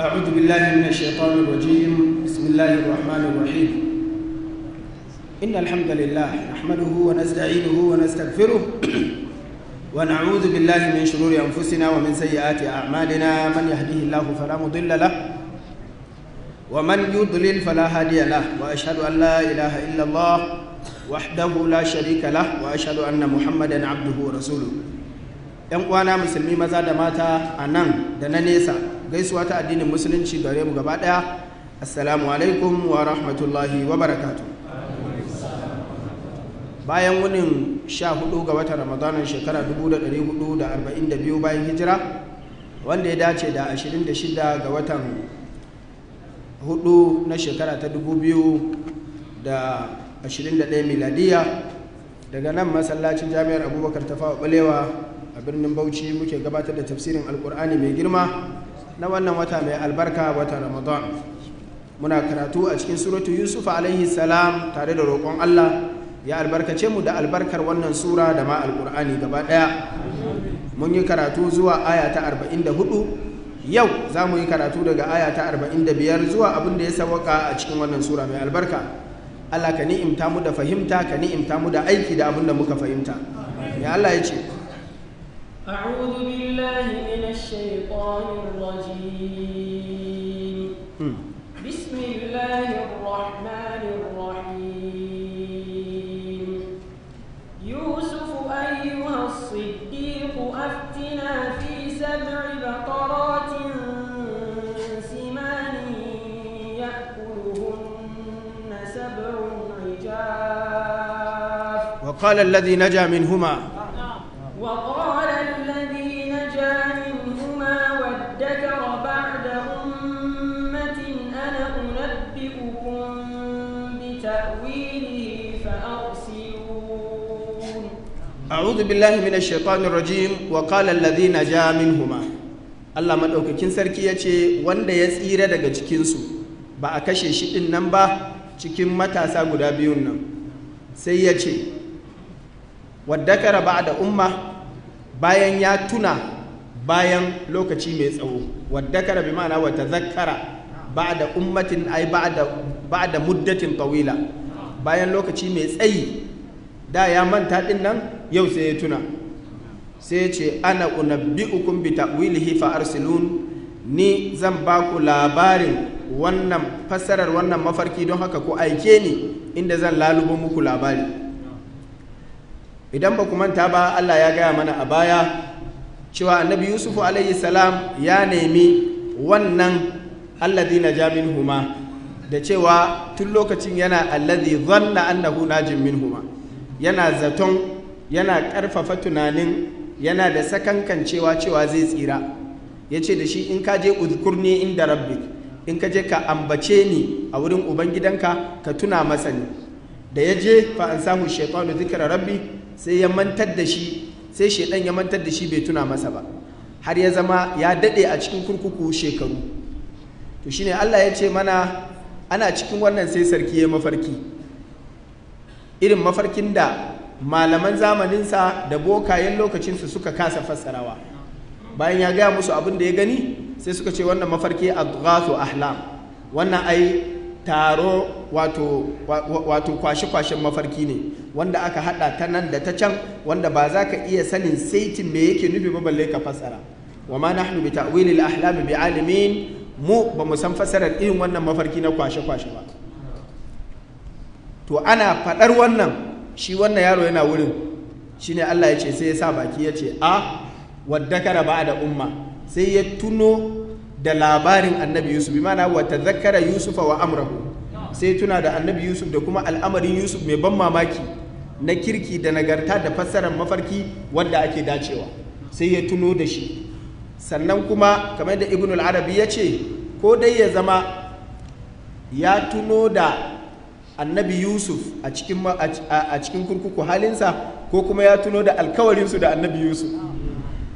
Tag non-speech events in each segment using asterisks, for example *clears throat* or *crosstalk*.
أعوذ بالله من الشيطان الرجيم بسم الله الرحمن الرحيم إن الحمد لله نحمده ونستعينه ونستغفره ونعوذ بالله من شرور أنفسنا ومن سيئات أعمالنا من يهديه الله فلا مضل له ومن يضلل فلا هادي له وأشهد أن لا إله إلا الله وحده لا شريك له وأشهد أن محمدا عبده ورسوله ‘Yan uwana musulmi maza da mata a nan da na nesa’ gaisuwa ta addinin musulunci gare mu gaba daya assalamu alaikum wa rahmatullahi wa barakatu bayan wunin 14 ga watan ramadanin shekara 1442 bayan hijira wanda ya dace da 26 ga watan 4 na shekara ta 2021 miladiya daga nan masallacin jami'ar abubakar tafawa balewa a birnin bauchi muke gabatar da tafsirin alkur'ani mai girma na wannan wata mai albarka wata ramadan muna karatu a cikin suratu yusuf alaihi salam tare da roƙon allah ya albarkace mu da albarkar wannan sura da ma alƙur'ani gaba ɗaya mun yi karatu zuwa aya ta 44 yau za mu yi karatu daga aya ta 45 zuwa abin da ya sawaka a cikin wannan sura mai albarka allah ka ni'imta mu da fahimta ka ni'imta mu da aiki da abin da muka fahimta ya allah ya ce أعوذ بالله من الشيطان الرجيم بسم الله الرحمن الرحيم يوسف أيها الصديق أفتنا في سبع بقرات سمان يأكلهن سبع عجاف وقال الذي نجا منهما نعم. وقال أنبئكم بتأويله فأرسلون أعوذ بالله من الشيطان الرجيم وقال الذين جاء منهما Allah maɗaukakin sarki ya ce wanda ya tsira daga su ba a kashe shi din nan ba cikin matasa guda biyun nan sai ya ce waddakara ba da umma bayan ya tuna bayan lokaci mai tsawo waddakara bi ma'ana wata zakkara ba'da ummatin ay ba'ada ba'da muddatin tawila bayan lokaci mai tsayi da ya manta din nan yau sai ya tuna sai ce ana unabbi'ukum bi ta'wilihi fa arsilun ni zan ba ku labarin wannan fassarar wannan mafarki don haka ku aike ni inda zan lalubo muku labari idan ba ku manta ba Allah ya gaya mana a baya cewa annabi yusufu alayhi salam ya nemi wannan allah ja minhuma da cewa tun lokacin yana alladhi dhanna annahu najin minhuma yana zaton yana karfafa tunanin yana da sakankan cewa cewa zai tsira yace da shi in ka je udhkurni inda rabbik in ka je ka ambace ni a wurin ubangidanka ka tuna masa ni da ya je fa an samu shaitanu zikra rabbi sai ya mantar da shi sai shaitan ya mantar da shi bai tuna masa ba har ya zama ya dade a cikin kurkuku shekaru to shine Allah ya ce mana ana cikin wannan sai sarki ya mafarki irin mafarkin da malaman zamaninsa da bokayen lokacinsu suka kasa fassarawa bayan ya gaya musu abin da ya gani sai suka ce wannan mafarki a adghathu ahlam wannan ai taro wato kwashe-kwashen mafarki ne wanda aka hada ta nan da ta can wanda ba za ka iya sanin saitin me yake nufi ba balle ka fassara wa ma nahnu bi ta'wilil ahlam bi alimin mu ba mu san fasarar irin wannan mafarki na kwashe-kwashe ba to ana faɗar wannan shi wannan yaro yana wurin shi ne allah ya ce sai ya sa baki ya ce a waddakara ba da umma sai ya tuno da labarin annabi yusuf bi mana wata zakara yusufa wa amrahu sai tuna da annabi yusuf da kuma al'amarin yusuf mai ban mamaki na kirki da nagarta da fassarar mafarki wadda ake dacewa sai ya tuno da shi sannan kuma kamar da ibn al-arabi ya ce ko dai ya zama ya tuno da annabi yusuf a cikin kurkuku halinsa ko kuma ya tuno da alkawarinsu da annabi yusuf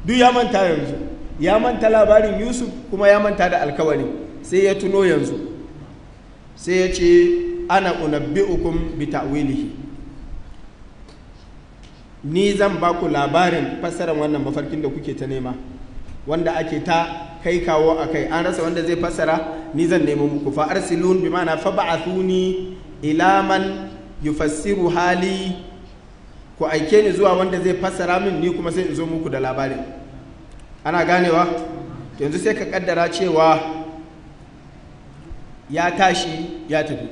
duk ya manta yanzu ya manta labarin yusuf kuma ya manta da alkawari sai ya tuno yanzu sai ya ce ana unabbi'ukum bi ta'wilihi ni zan ba ku labarin fassarar wannan mafarkin da kuke ta nema wanda ake ta kai kawo a kai an rasa wanda zai fassara ni zan nemo muku fa arsilun bi ma'ana fa ba'athuni ila man yufassiru hali ku aike ni zuwa wanda zai fassara min ni kuma sai in zo muku da labarin ana ganewa yanzu sai ka kaddara cewa ya tashi ya tafi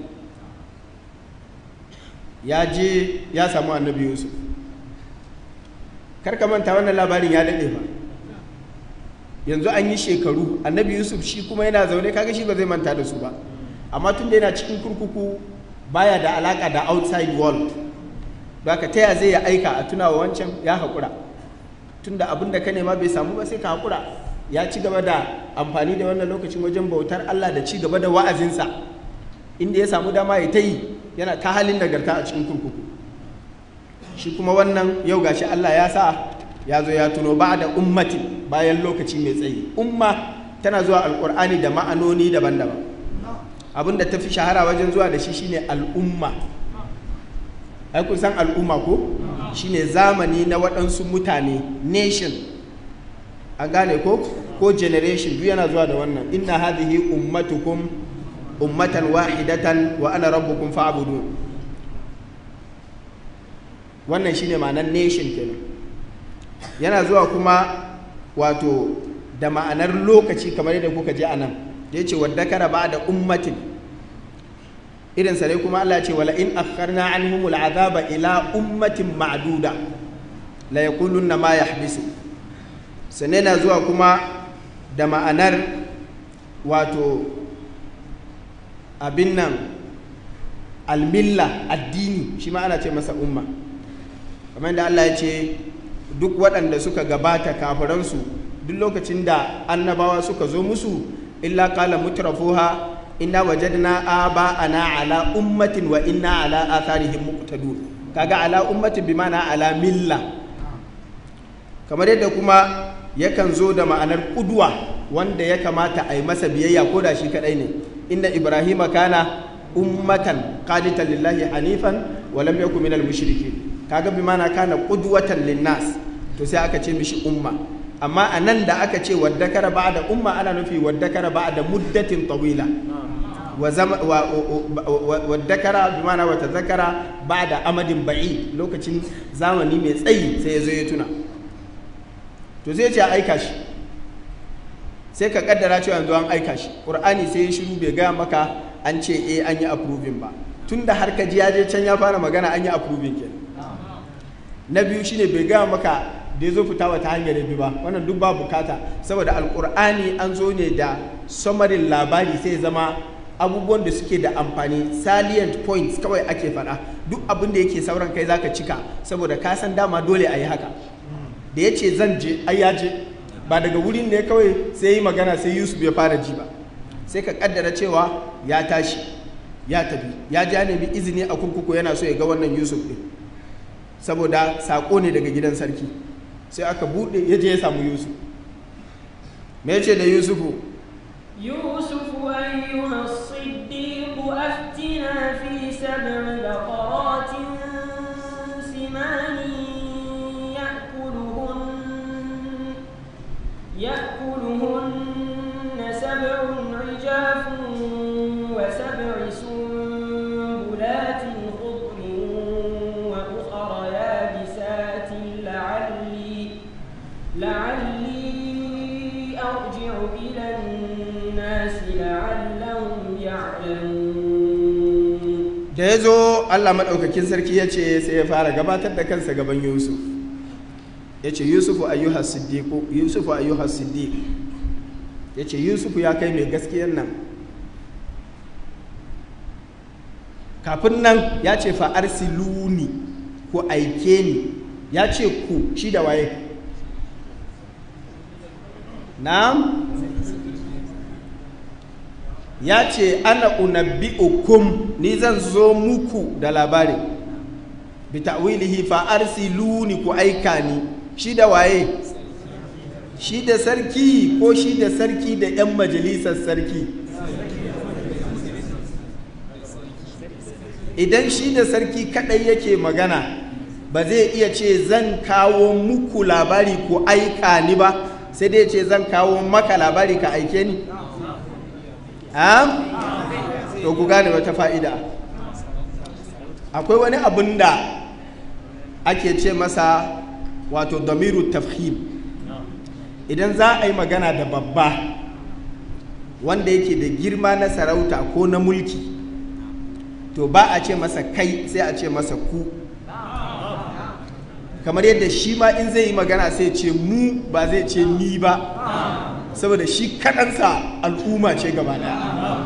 ya je ya samu annabi yusuf kar ka manta wannan labarin ya daɗe ba yanzu an yi shekaru annabi yusuf shi kuma yana zaune kaga shi ba zai manta da su ba amma tun da yana cikin kurkuku baya da alaka da outside world baka taya zai ya aika a tunawa wancan ya haƙura tun da abin da ka nema bai samu ba sai ka haƙura ya ci gaba da amfani da wannan lokacin wajen bautar allah da ci gaba da wa'azinsa inda ya samu dama ya ta yi yana ta halin nagarta a cikin kurkuku shi kuma wannan yau gashi allah ya sa ya zo ya tuno ba da ummati bayan lokaci mai tsayi umma tana zuwa alkur'ani da ma'anoni daban-daban abin da ta fi shahara wajen zuwa da shi shine al'umma ai san al'umma ko shine zamani na waɗansu mutane nation A gane ko ko generation duk yana zuwa da wannan inna hadhihi ummatukum ummatan wahidatan wa ana rabbukum fa'budun wannan shine ma'anar nation kenan yana zuwa kuma wato da ma'anar lokaci kamar yadda kuka je anan nan da ya ce wadda kara ba da ummatin irin sarai kuma Allah ce wala in akharna anhum al'azaba ila ummatin ma'duda la yaqulunna ma yahbisu sanne na zuwa kuma da ma'anar wato abin nan almilla addini shi ma ana ce masa umma kamar da Allah ya ce duk waɗanda suka gabata kafiransu duk lokacin da annabawa suka zo musu illa kala mutrafuha inna wajadna aba'ana ala ummatin wa inna ala atharihim kaga ala ummatin bi mana ala milla kamar yadda kuma yakan zo da ma'anar kudwa wanda ya kamata a yi masa biyayya ko da shi kadai ne inna ibrahima kana ummatan qanitan lillahi hanifan wa lam yakun minal mushrikin kaga bi mana kana qudwatan linnas to sai aka ce mishi umma amma a nan da aka ce wadda kara ba da umma ana nufi wadda kara ba da muddatin tawila wadda kara bi mana wata zakara ba da amadin ba'i lokacin zamani mai tsayi sai ya zo ya tuna to sai ce aika shi sai ka kaddara cewa yanzu an aika shi ƙur'ani sai ya shiru bai gaya maka an ce eh an yi approving ba tunda har ka ji ya je can ya fara magana an yi approving kenan na biyu shine bai gaya maka da ya zo fita wata hanyar biyu ba wannan duk ba bukata saboda alkur'ani an zo ne da samarin labari sai zama abubuwan da suke da amfani salient points kawai ake faɗa duk abin da yake sauran kai zaka cika saboda ka san dama dole a yi haka da ya ce zan je ai ya je ba daga wurin ne kawai sai yi magana sai yusuf ya fara ji ba sai ka kaddara cewa ya tashi ya tafi ya ja nemi izini a kurkuku yana so ya ga wannan yusuf din saboda sako ne daga gidan sarki sai aka buɗe ya je ya samu yusuf me ce da yusufu yusufu ayyuhas siddiq aftina fi sab'i ya zo allah maɗaukakin sarki ya ce sai ya fara gabatar da kansa gaban yusuf ya ce yusufu ayyuhar siddiqu yusufu ayyuhar siddiq ya ce yusufu ya kai mai gaskiyar nan kafin nan ya ce fa'ar siluni ko aike ni ya ce ku shi da waye na. ya ce ana unabbi'ukum ni zan zo muku da labari bi ta'wilihi fa arsiluni ku aika ni shi da waye shi da sarki ko shi da sarki da 'yan majalisar sarki idan shi da sarki kadai yake magana ba zai iya ce zan kawo muku labari ku aika ni ba sai dai ce zan kawo maka labari ka aike ni to ku gane wata fa'ida akwai wani abun da ake ce masa wato damiru tafhim idan za a yi magana da babba wanda yake da girma na sarauta ko na mulki to ba a ce masa kai sai a ce masa ku kamar yadda shi ma in zai yi magana sai ce mu ba zai ce ni ba saboda shi kaɗansa al'umma ce gaba ɗaya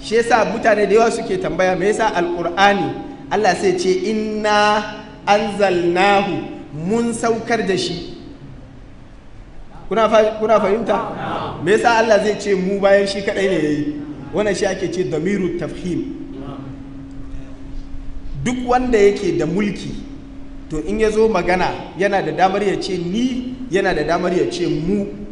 shi yasa mutane da yawa suke tambaya me yasa alƙur'ani Allah sai ce inna anzalnahu mun saukar da shi kuna fahimta me yasa Allah zai ce mu bayan shi kaɗai ne ya yi? wannan shi ake ce damiru tafhim duk wanda yake da mulki to in ya zo magana yana da damar ya ce ni yana da damar ya ce mu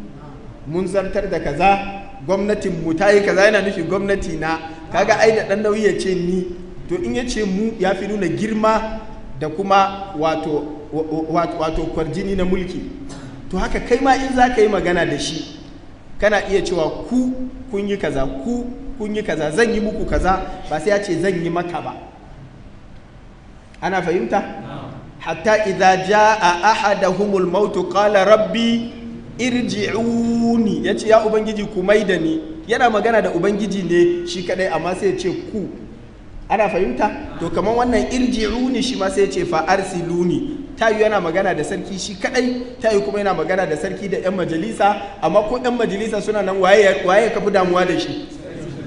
mun zartar da kaza gwamnatin mu ta yi kaza yana nufin gwamnati na kaga ai da dan nauyi ya ce ni to in ya ce mu ya fi nuna girma da kuma wato kwarjini na mulki to haka kai ma in za ka yi magana da shi kana iya cewa ku kun yi kaza ku kun yi kaza zan yi muku kaza ba sai ya ce zan yi maka ba ana fahimta hatta idza jaa ahaduhumul maut qala rabbi irji'uni ya ce ya ubangiji ku mai da ni yana magana da ubangiji ne shi kadai amma sai ce ku ana fahimta to kamar wannan irji'uni shi ma sai ya ce fa arsiluni ta yi yana magana da sarki shi kadai ta yi kuma yana magana da sarki da yan majalisa amma ko yan majalisa suna nan waye waye ka fi damuwa da shi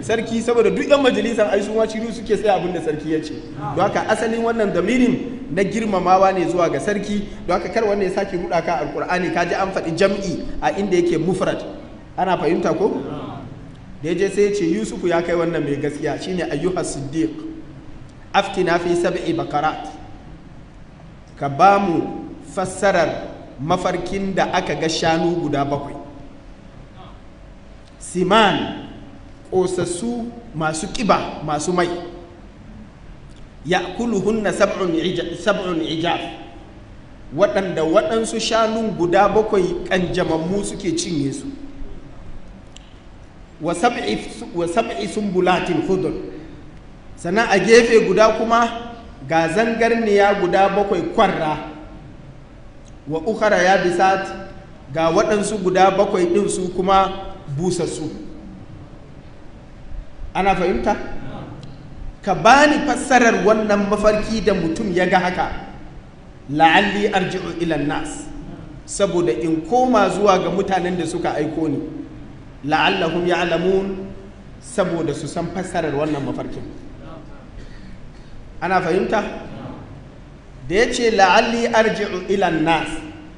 sarki saboda duk yan majalisar ai su ma suke sai abin da sarki ya ce don haka asalin wannan damirin na girmamawa ne zuwa ga sarki don haka kar wanda ya sake ruda ka alqur'ani ka ji an faɗi jam'i a inda yake mufrad ana fahimta ko da ya je sai ya ce yusufu ya kai wannan mai gaskiya shine ayyuha siddiq aftina fi sab'i baqarat ka ba mu fassarar mafarkin da aka ga shanu guda bakwai siman osassu masu ƙiba masu mai ya kuluhunna sab'un ijaf waɗanda waɗansu shanun guda bakwai ƙanjamammu suke cinye su wa sab'i bulatin hudur sannan a gefe guda kuma ga zangarniya guda bakwai kwarra wa ukhara ya bisat ga waɗansu guda bakwai ɗin su kuma busassu ana fahimta ka bani fassarar wannan mafarki da mutum ya ga haka la'alli arji'u ilan nas saboda in koma zuwa ga mutanen da suka aiko ni la'allahum ya'lamun saboda su san fassarar wannan mafarkin ana fahimta da ya ce la'alli arji'u ilan nas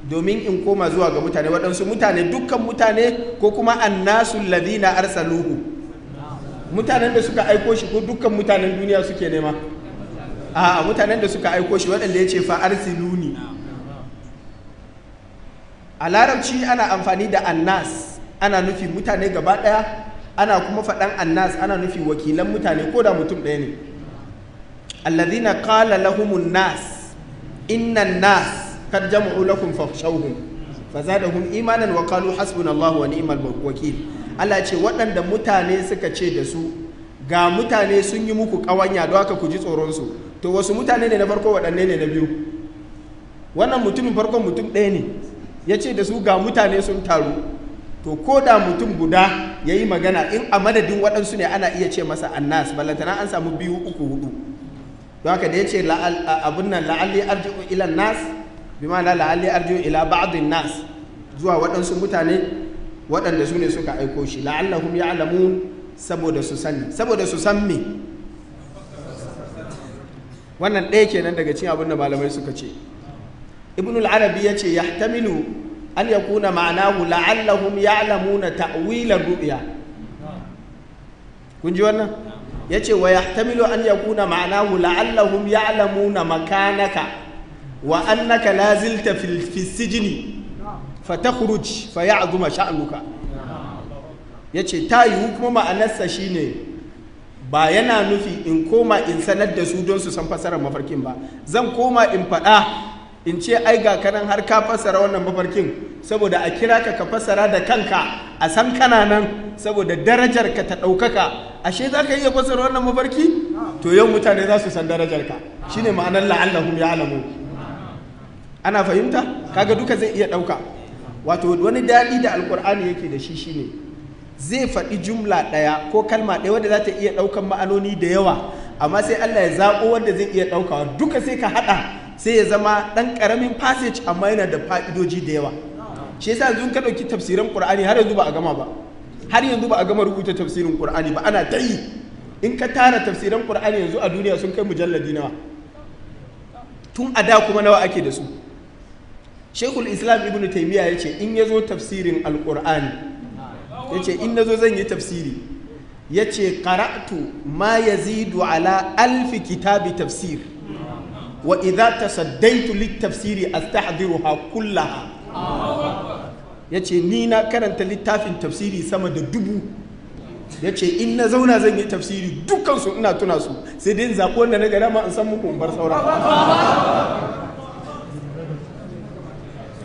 domin in koma zuwa ga mutane waɗansu mutane dukkan mutane ko kuma annasu ladina arsaluhu mutanen da suka aiko shi ko dukkan mutanen duniya suke nema a mutanen da suka aiko shi waɗanda ya ce fa'ar siluni a larabci ana amfani da annas ana nufi mutane gaba ɗaya ana kuma faɗan annas ana nufi wakilan mutane ko da mutum ɗaya ne allazina qala lahumun nas innan nas kad jama'u lakum da fazadahum imanan wa qalu hasbunallahu wa ni'mal wakil Allah ce waɗanda mutane suka ce da su ga mutane sun yi muku ƙawanya don haka ku ji tsoronsu to wasu mutane ne na farko waɗanne ne na biyu wannan mutumin farkon mutum ɗaya ne ya ce da su ga mutane sun taru to ko da mutum guda ya yi magana in a madadin waɗansu ne ana iya ce masa annas ballantana an samu biyu uku hudu don haka da ya ce abin nan la'alli arji'u ila nas bi ma la'alli arji'u ila nas zuwa waɗansu mutane waɗanda su ne suka aiko shi la'allahum ya'lamu saboda su sani saboda su san me wannan ɗaya kenan daga cikin abin da malamai suka ce ibn al-arabi ya ce yahtamilu an kuna ma'anahu la'allahum na ta'wila ru'ya kun ji wannan ya ce wa yahtamilu an ya kuna ma'anahu la'allahum na makanaka wa annaka lazilta fil sijni fatakhruj fa sha'anuka ya yace ta yiwu kuma ma'anarsa shi ne. ba yana nufi in koma in sanar da su don su san fasarar mafarkin ba zan koma in faɗa in ce ai ga kanan har ka fasara wannan mafarkin saboda a kira ka ka fasara da kanka a san kana nan saboda darajar ka ta ɗaukaka ashe za ka iya fasara wannan mafarki to yau mutane za su san darajar ka shine ma'anar la'allahum ya'lamu ana fahimta kaga duka zai iya ɗauka wato wani daɗi da alkur'ani yake da shi shine zai faɗi jumla ɗaya ko kalma ɗaya wadda za ta iya ɗaukan ma'anoni da yawa amma sai Allah ya zaɓo wanda zai iya ɗaukawa duka sai ka haɗa sai ya zama ɗan ƙaramin passage amma yana da fa'idoji da yawa shi yasa yanzu ka ɗauki tafsirin ƙur'ani har yanzu ba a gama ba har yanzu ba a gama rubuta tafsirin ƙur'ani ba ana ta yi in ka tara tafsirin ƙur'ani yanzu a duniya sun kai mujalladi nawa tun a da kuma nawa ake da su shekul islam ibn taimiyya ya ce in ya zo tafsirin alkur'ani ya ce in na zo zan yi tafsiri ya ce karatu ma ya zidu ala alfi kitabi tafsir wa ta tasaddaitu littafsiri astahdiruha kullaha ya ce ni na karanta littafin tafsiri sama da dubu ya ce in na zauna zan yi tafsiri dukansu ina tuna su sai dai zaɓo wanda na gada ma in san muku in bar saura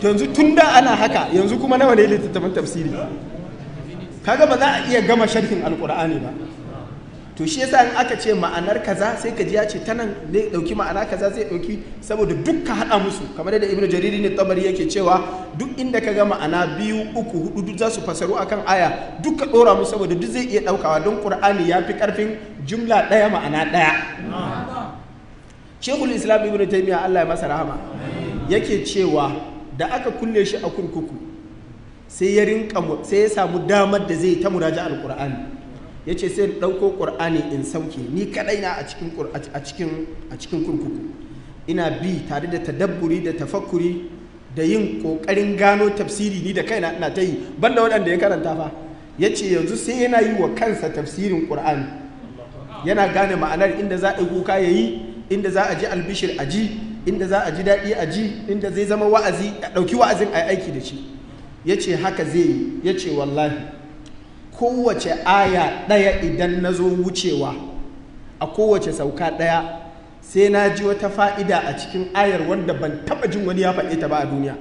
yanzu tun da ana haka yanzu kuma nawa ne littattafan tafsiri kaga ba za a iya gama sharhin alkur'ani ba to shi yasa in aka ce ma'anar kaza sai ka ji ya ce ta nan zai dauki ma'ana kaza zai dauki saboda dukka hada musu kamar yadda ibnu jariri ne tabari yake cewa duk inda ka ga ma'ana biyu uku hudu duk za su fasaru akan aya duka dora musu saboda duk zai iya daukawa don qur'ani ya fi karfin jumla daya ma'ana daya shekul islam ibnu taymiya Allah ya masa rahama yake cewa da aka kulle shi a kurkuku sai ya ya samu damar da zai ta muraja ya yace sai ɗauko dauko in sauke ni kaɗai na a cikin kurkuku ina bi tare da tadabburi da tafakkuri da yin kokarin gano tafsiri ni da kaina ina ta yi banda waɗanda ya karanta fa yace yanzu sai yana yi wa kansa tafsirin ƙur'ani. yana gane ma'anar inda za a yi kuka ya yi inda za a ji albishir a ji inda za a ji daɗi a ji inda zai zama wa'azi a ɗauki wa'azin a aiki da shi ya ce haka zai yi ya ce wallahi kowace aya ɗaya idan na zo wucewa a kowace sauka ɗaya sai na ji wata fa'ida a cikin ayar wanda ban taɓa jin wani ya faɗe ta ba a duniya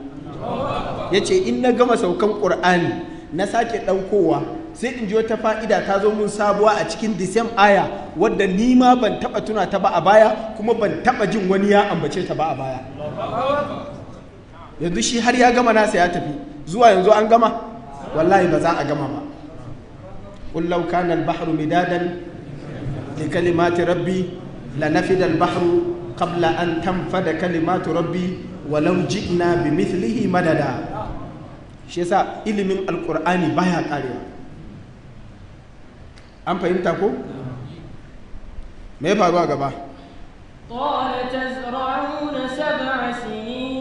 ya ce in na gama saukan ƙur'ani na sake ɗaukowa sai in ji wata fa'ida ta zo mun sabuwa a cikin the aya wadda ni ma ban taba tuna ta ba a baya kuma ban taba jin wani ya ambace ta ba a baya yanzu shi har ya gama nasa ya tafi zuwa yanzu an gama wallahi ba za a gama ba qul kana al-bahru midadan li kalimati rabbi fi al-bahru qabla an tanfada kalimatu rabbi walau ji'na bi mithlihi madada shi yasa ilimin alqur'ani baya karewa an fahimta ko me faruwa gaba ƙwara ta zira'una saba'a sinin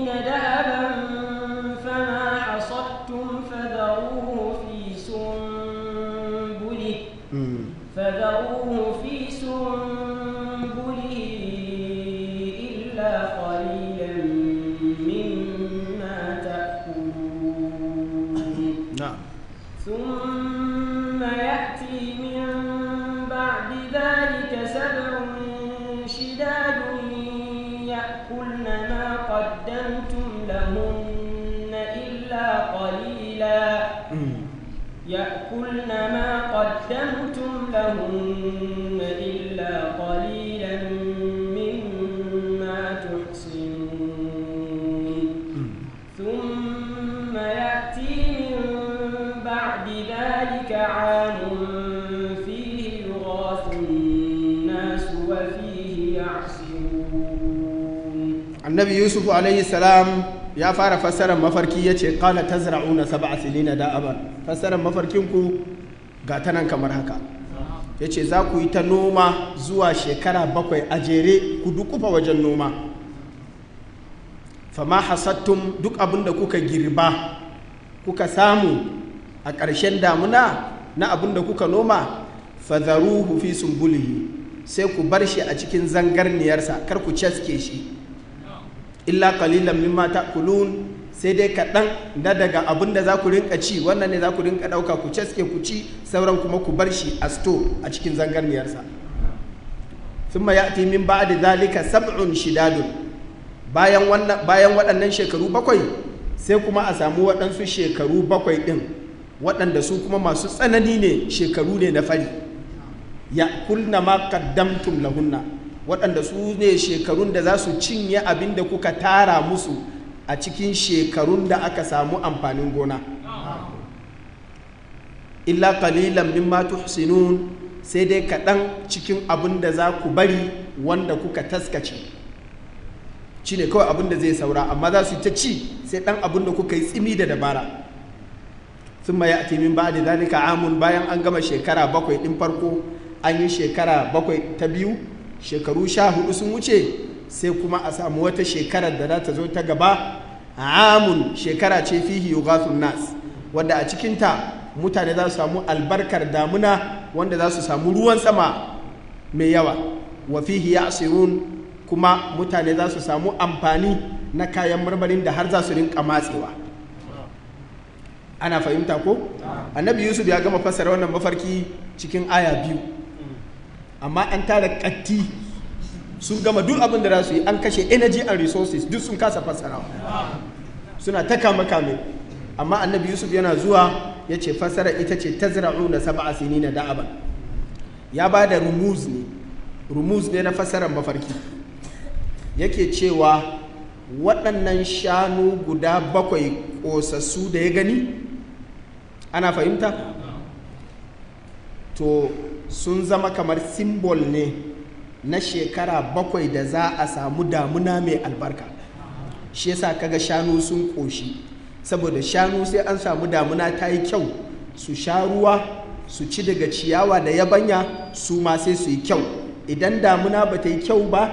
يأكلن ما قدمتم لهن إلا قليلا مما تحصنون ثم يأتي من بعد ذلك عام فيه يغاث الناس وفيه يعصرون النبي يوسف عليه السلام ya fara fassarar mafarki ya ce kala ta zira'una saba asilina da da'abar fassarar mafarkinku ga ta nan kamar haka ya ce za ku yi ta noma zuwa shekara bakwai a jere ku dukufa wajen noma fama hasattun duk abin da kuka girba kuka samu a ƙarshen damuna na abin da kuka noma fazaruhu fi sumbulihi sai ku bar shi a cikin zangarniyarsa kar ku caske shi illa qalilan mimma ta'kulun sai dai kaɗan na daga abin da za ku rinka ci wannan ne za ku rinka ɗauka ku ceske ku ci sauran kuma ku bar shi a sto a cikin zangarniyarsa thumma ya'ti min ba'di zalika sab'un shidadun bayan bayan waɗannan shekaru bakwai sai kuma a samu waɗansu shekaru bakwai ɗin waɗanda su kuma masu tsanani ne shekaru ne na fari ya kulna ma qaddamtum lahunna waɗanda su ne shekarun da za su cinye abin da kuka tara musu a cikin shekarun da aka samu amfanin gona illa qalilan mimma tuhsinun sai dai kaɗan cikin abin da za ku bari wanda kuka taskace Ci ne kawai abin da zai saura amma za su ta ci sai ɗan abin da kuka yi tsimi da dabara sun ma ya min ba da zanika amun bayan an gama shekara bakwai ɗin farko an yi shekara bakwai ta biyu shekaru sha hudu sun wuce sai kuma a samu wata shekarar da za ta zo ta gaba amun shekara ce fihi yughathun nas wanda a cikinta mutane za su samu albarkar damuna wanda za su samu ruwan sama mai yawa wa fihi ya'sirun kuma mutane za su samu amfani na kayan marmarin da har za su rinka matsewa ana fahimta ko annabi yusuf ya gama fassara wannan mafarki cikin aya biyu amma an tara katti sun gama duk abin da za su yi an kashe energy and resources duk sun kasa fassarawa suna ta kama kame amma annabi yusuf yana zuwa ya ce fassara ita ce ta zira'u na sab'a na da'aba ya ba da rumuz ne rumuz ne na fassarar mafarki yake cewa waɗannan shanu guda bakwai ƙosassu da ya gani ana fahimta to sun zama kamar simbol ne na shekara bakwai da za a samu damuna mai albarka shi yasa kaga shanu sun ƙoshi saboda shanu sai an samu damuna ta yi kyau su sha ruwa su ci daga ciyawa da yabanya su ma sai su yi kyau idan damuna ba ta yi kyau ba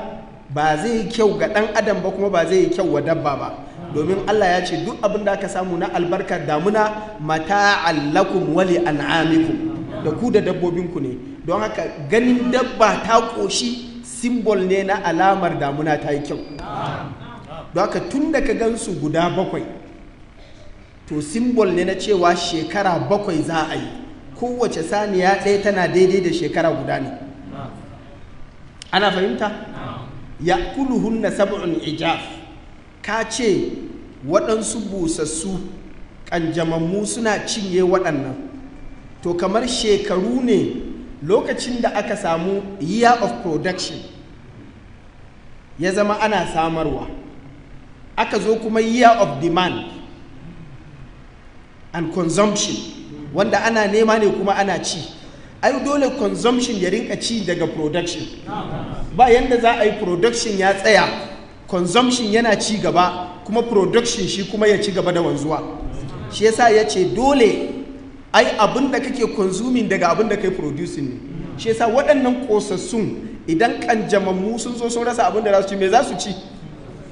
ba zai yi kyau ga ɗan adam ba kuma ba zai yi kyau wa dabba ba domin Allah ya ce duk abin da aka samu na albarkar damuna mata'allakum wali an'amikum da ku da dabbobinku ne don haka ganin dabba ta ƙoshi simbol ne na alamar damuna ta yi kyau don haka tun da ka gansu guda bakwai to simbol ne na cewa shekara bakwai za a yi kowace saniya ɗaya tana daidai da shekara guda ne ana fahimta ya hunna sab'un ijaf ka ce waɗansu busassu ƙanjamammu suna cinye waɗannan to kamar shekaru ne lokacin da aka samu year of production ya zama ana samarwa aka zo kuma year of demand and consumption wanda ana nema ne kuma ana ci ai dole consumption ya rinka ci daga production ba yadda za a yi production ya tsaya consumption yana ci gaba kuma production shi kuma ya ci gaba da wanzuwa shi yasa ya ce dole ai abin da kake consuming daga abin da kai producing ne shi yasa waɗannan kosassun idan kanjamammu sun zo sun rasa abin da za su ci me za su ci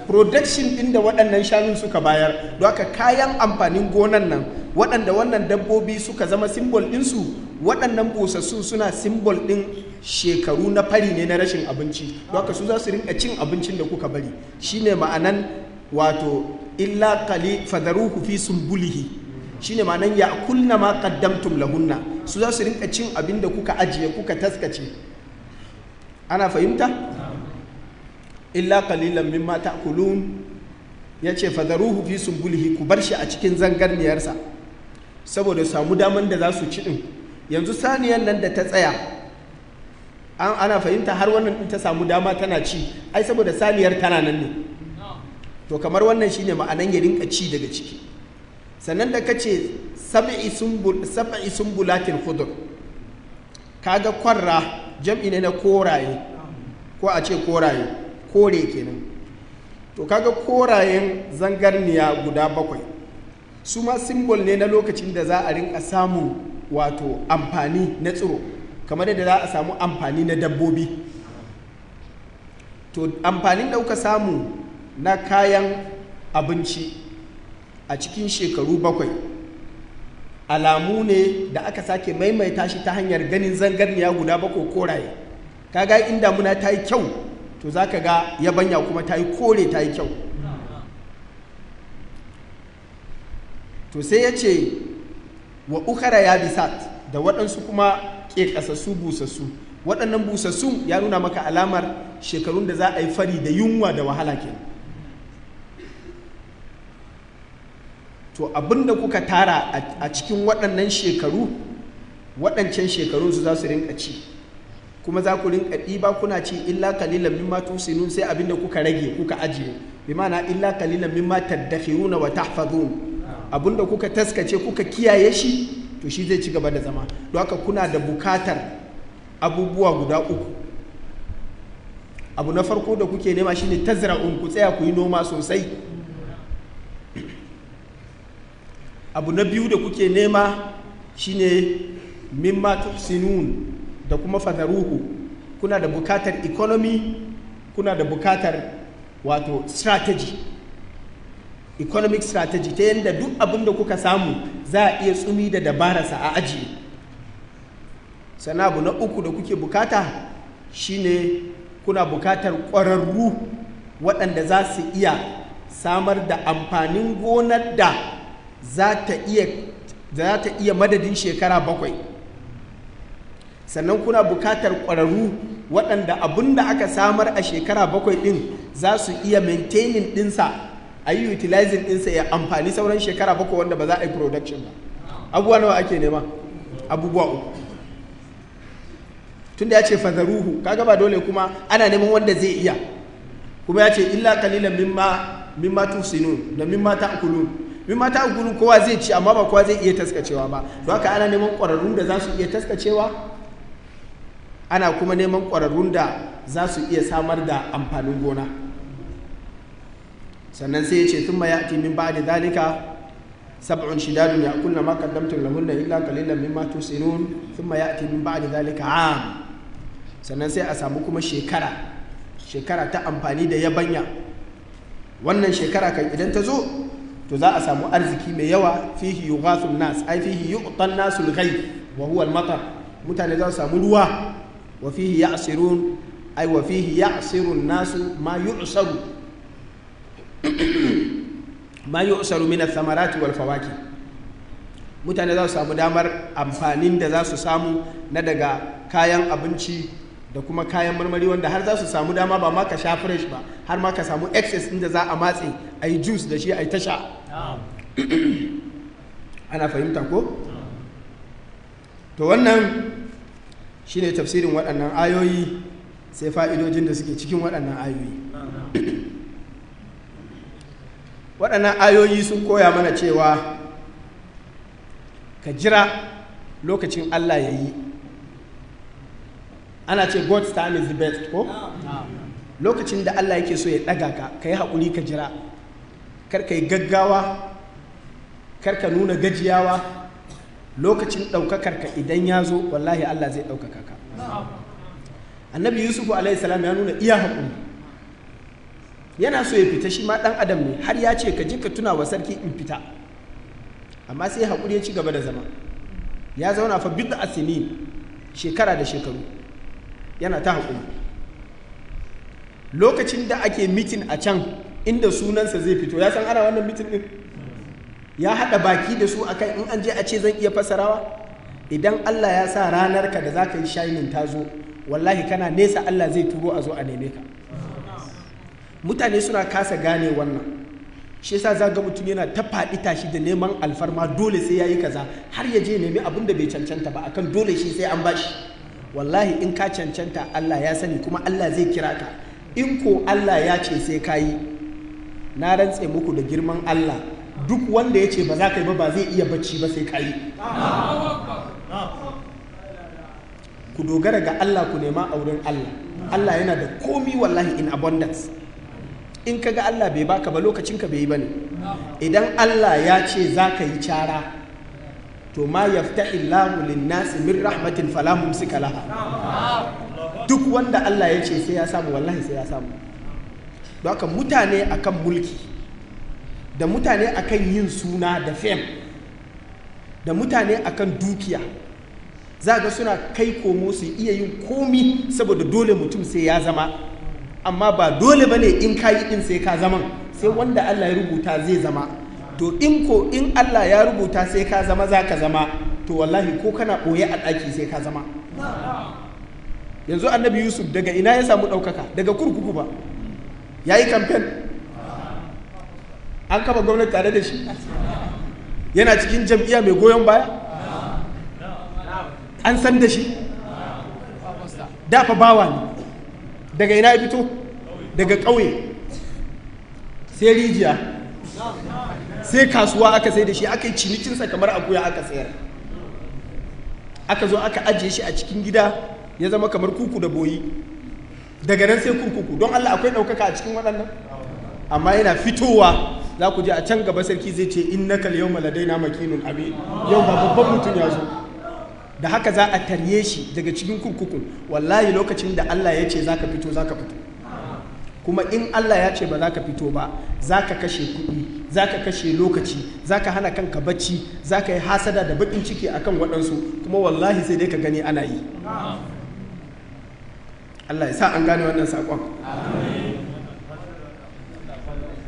production din da waɗannan shanun suka bayar don haka kayan amfanin gonan nan waɗanda wannan dabbobi suka zama simbol ɗinsu waɗannan busassun suna simbol ɗin shekaru na fari ne na rashin abinci don haka su za su rinka cin abincin da kuka bari shine ma'anan wato illa kali fadaruhu fi sumbulihi shine ma nan ya kulna ma qaddamtum lahunna su za su rinka cin abin da kuka ajiye kuka taskace ana fahimta illa qalilan mimma ta'kulun yace fadaruhu fi sumbulihi ku bar shi a cikin zangarniyarsa saboda samu daman da za su ci din yanzu saniyan nan da ta tsaya ana fahimta har wannan din ta samu dama tana ci ai saboda saniyar tana nan ne to kamar wannan shine ma'anan ya rinka ci daga ciki sannan da ka ce sab'i sumbulatin ka kaga kwarra jam'i ne na koraye ko a ce koraye kore kenan to kaga korayen zangarniya guda bakwai su ma simbol ne na lokacin da za a rinka samun wato amfani na tsiro kamar da za a samu amfani na dabbobi to amfanin da kuka samu na kayan abinci a cikin shekaru bakwai alamu ne da aka sake maimaita shi ta hanyar ganin zangarniya guda bako koraye kaga in damuna ta yi kyau to za ka ga yabanya kuma ta yi kore ta yi kyau to sai ya ce wa ukara ya bisat da waɗansu kuma ke ƙasassu busassu waɗannan busassu ya nuna maka alamar shekarun da za a yi fari da yunwa da wahala kenan to abinda kuka tara a cikin waɗannan shekaru waɗancan shekarun su za su rinka ci kuma za ku rinka ɗiba kuna ci illa kalilan mimma tusinun sai abinda kuka rage kuka ajiye bi ma'ana illa kalilan mimma tadakhiruna wa tahfazun abinda kuka taskace kuka kiyaye shi to shi zai ci gaba da zama don haka kuna da bukatar abubuwa guda uku abu na farko da kuke nema shine tazra'un ku tsaya ku yi noma sosai abu na biyu da kuke nema shine mimma tufsinun da kuma fataruhu kuna da bukatar economy kuna da bukatar wato strategy economic strategy ta yadda duk abin da kuka samu za a iya tsumi da dabararsa a aji. sana abu na uku da kuke bukata shine kuna bukatar ƙwararru waɗanda za su iya samar da amfanin gonar da za ta iya madadin shekara bakwai sannan kuna bukatar ƙwararru waɗanda abunda aka samar a shekara bakwai ɗin za su iya maintaining ɗinsa a yi utilizing ɗinsa ya amfani sauran shekara bakwai wanda ba za a yi production ba abubuwa nawa ake nema abubuwa uku tunda ya ce fazaruhu kaga ba dole kuma ana neman wanda zai iya kuma ya ce illa kalilan mimma mimma tusinun da mimma ta'kulun in mata gurin kowa zai ci amma ba kowa zai iya taskacewa ba to haka ana neman ƙwararrun da za su iya taskacewa ana kuma neman ƙwararrun da za su iya samar da amfanin gona sannan sai ya ce sun maya min ba da zalika سبع شداد يأكلن ما قدمتم لهن إلا قليلا مما ya ثم min ba da dalika am sannan sai a samu kuma shekara shekara ta amfani da yabanya wannan shekara kan idan ta zo to za a samu arziki mai yawa fihi yughathu nas ai fihi yu'tan nasu lukai wa huwa matar mutane za su samu ruwa wa fihi asirun ai wa fihi asirun nasu ma usaru *coughs* ma yi usaru ath samarati wal fawaki mutane za su samu damar amfanin da za su samu na daga kayan abinci da kuma kayan marmari wanda har za su samu dama ba ma ka sha fresh ba har ma ka samu excess inda za a matse a yi juice da shi a yi tasha *clears throat* ana fahimta ko to wannan shi ne tafsirin waɗannan ayoyi sai fa'idojin da suke cikin waɗannan ayoyi *clears throat* waɗannan ayoyi sun koya mana cewa ka jira lokacin allah ya yi ana ce god's time is the best ko lokacin da Allah yake so ya ɗaga ka ka yi haƙuri ka jira kar yi gaggawa kar ka nuna gajiyawa lokacin ɗaukakar ka idan ya zo wallahi Allah zai ɗaukaka ka annabi yusuf alaihi salam ya nuna iya haƙuri yana so ya fita shi ma ɗan adam ne har ya ce ka je ka tuna wa sarki in fita amma sai haƙuri ya ci gaba da zama ya zauna fa bid asini shekara da shekaru yana ta hakuri lokacin da ake mitin a can inda sunansa zai fito ya san ana wannan mitin ɗin ya haɗa baki da su akai in an je a ce zan iya fasarawa idan Allah ya sa ranar ka da za ka yi shainin ta zo wallahi kana nesa Allah zai turo a zo a neme ka mutane suna kasa gane wannan shi yasa za ga mutum yana ta faɗi tashi da neman alfarma dole sai ya yi kaza har ya je nemi abin da bai cancanta ba akan dole shi sai an bashi wallahi in ka cancanta Allah ya sani kuma Allah zai kira ka in ko Allah ya ce sai ka yi na rantse muku da girman Allah duk wanda ya ce ba za ka yi ba ba zai iya bacci ba sai ka yi ku dogara ga Allah ku nema a wurin Allah Allah yana da komi wallahi in abundance in ka ga Allah bai baka ba lokacin ka bai yi ba ne idan Allah ya ce za ka yi cara to ma ya Allahu lin-nasi min rahmatin fala mumsika laha duk wanda Allah ya ce sai ya samu wallahi sai ya samu don haka mutane akan mulki da mutane akan yin suna da fem da mutane akan dukiya za ga suna kai komo su iya yin komi saboda dole mutum sai ya zama amma ba dole ne in kayi din sai ka zaman sai wanda Allah ya rubuta zai zama to in ko in Allah ya rubuta sai ka zama za ka zama to wallahi ko kana ɓoye a ɗaki sai ka zama yanzu annabi yusuf daga ina ya samu ɗaukaka daga kurkuku ba ya yi kamfen an kafa gwamnati tare da shi yana cikin jam'iyya mai goyon baya an san da shi dafa bawa ne daga ina ya fito daga ƙauye sai rijiya sai kasuwa aka sai da shi aka yi cinikinsa kamar akuya aka sayar aka zo aka ajiye shi a cikin gida ya zama kamar kuku da boyi daga nan sai kurkuku don Allah akwai ɗaukaka a cikin waɗannan amma yana fitowa za ku je a can gaba sarki zai ce in na kal yau maladai na makinun abi yau ba babban mutum ya zo da haka za a tarye shi daga cikin kurkuku wallahi lokacin da Allah ya ce za ka fito za ka fito kuma in Allah ya ce ba za ka fito ba za ka kashe kuɗi za ka kashe lokaci za ka hana kanka bacci za ka yi hasada da baƙin ciki akan waɗansu kuma wallahi sai dai ka gani ana yi Allah ya sa an gane wannan saƙon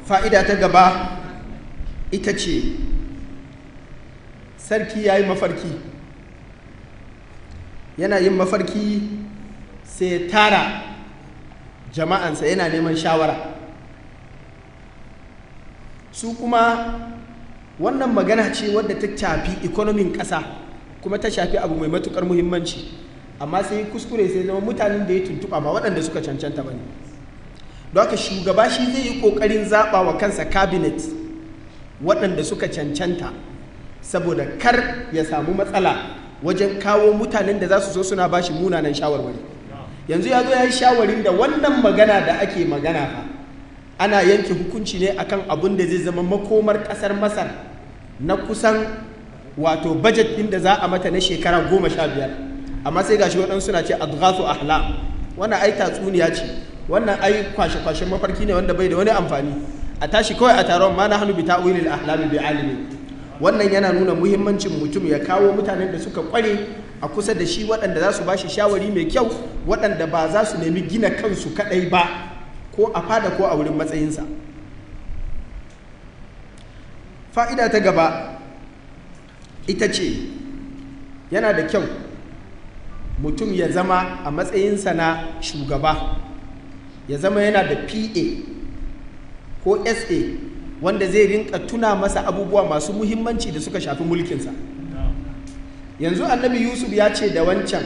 fa'ida ta gaba ita ce sarki ya yi mafarki yana yin mafarki sai tara jama'ansa yana neman shawara su kuma wannan magana ce wadda ta shafi ikonomin ƙasa kuma ta shafi abu mai matukar muhimmanci amma sai kuskure sai zama mutanen da ya tuntuɓa ba waɗanda suka cancanta ba ne don haka shugaba shi zai yi ƙoƙarin zaɓa wa kansa cabinet waɗanda suka cancanta saboda kar ya samu matsala wajen kawo mutanen da za su zo suna bashi munanan shawarwari yanzu ya zo ya yi shawarin da wannan magana da ake magana fa ana yanke hukunci ne akan abun da zai zama makomar kasar masar na kusan wato budget din da za a mata na shekara goma sha biyar amma sai gashi waɗansu suna ce adghasu ahla wannan ai tatsuniya ce wannan ai kwashe kwashen mafarki ne wanda bai da wani amfani a tashi kawai a taron ma na hannu bi ta'wilil ahlami bi alimi wannan yana nuna muhimmancin mutum ya kawo mutanen da suka kware a kusa da shi waɗanda za su bashi shawari mai kyau waɗanda ba za su nemi gina kansu kaɗai ba ko a fada ko a wurin matsayinsa fa'ida ta gaba ita ce yana da kyau mutum ya zama a matsayinsa na shugaba ya zama yana da pa ko sa wanda zai rinka tuna masa abubuwa masu muhimmanci da suka shafi mulkinsa yanzu annabi yusuf ya ce da wancan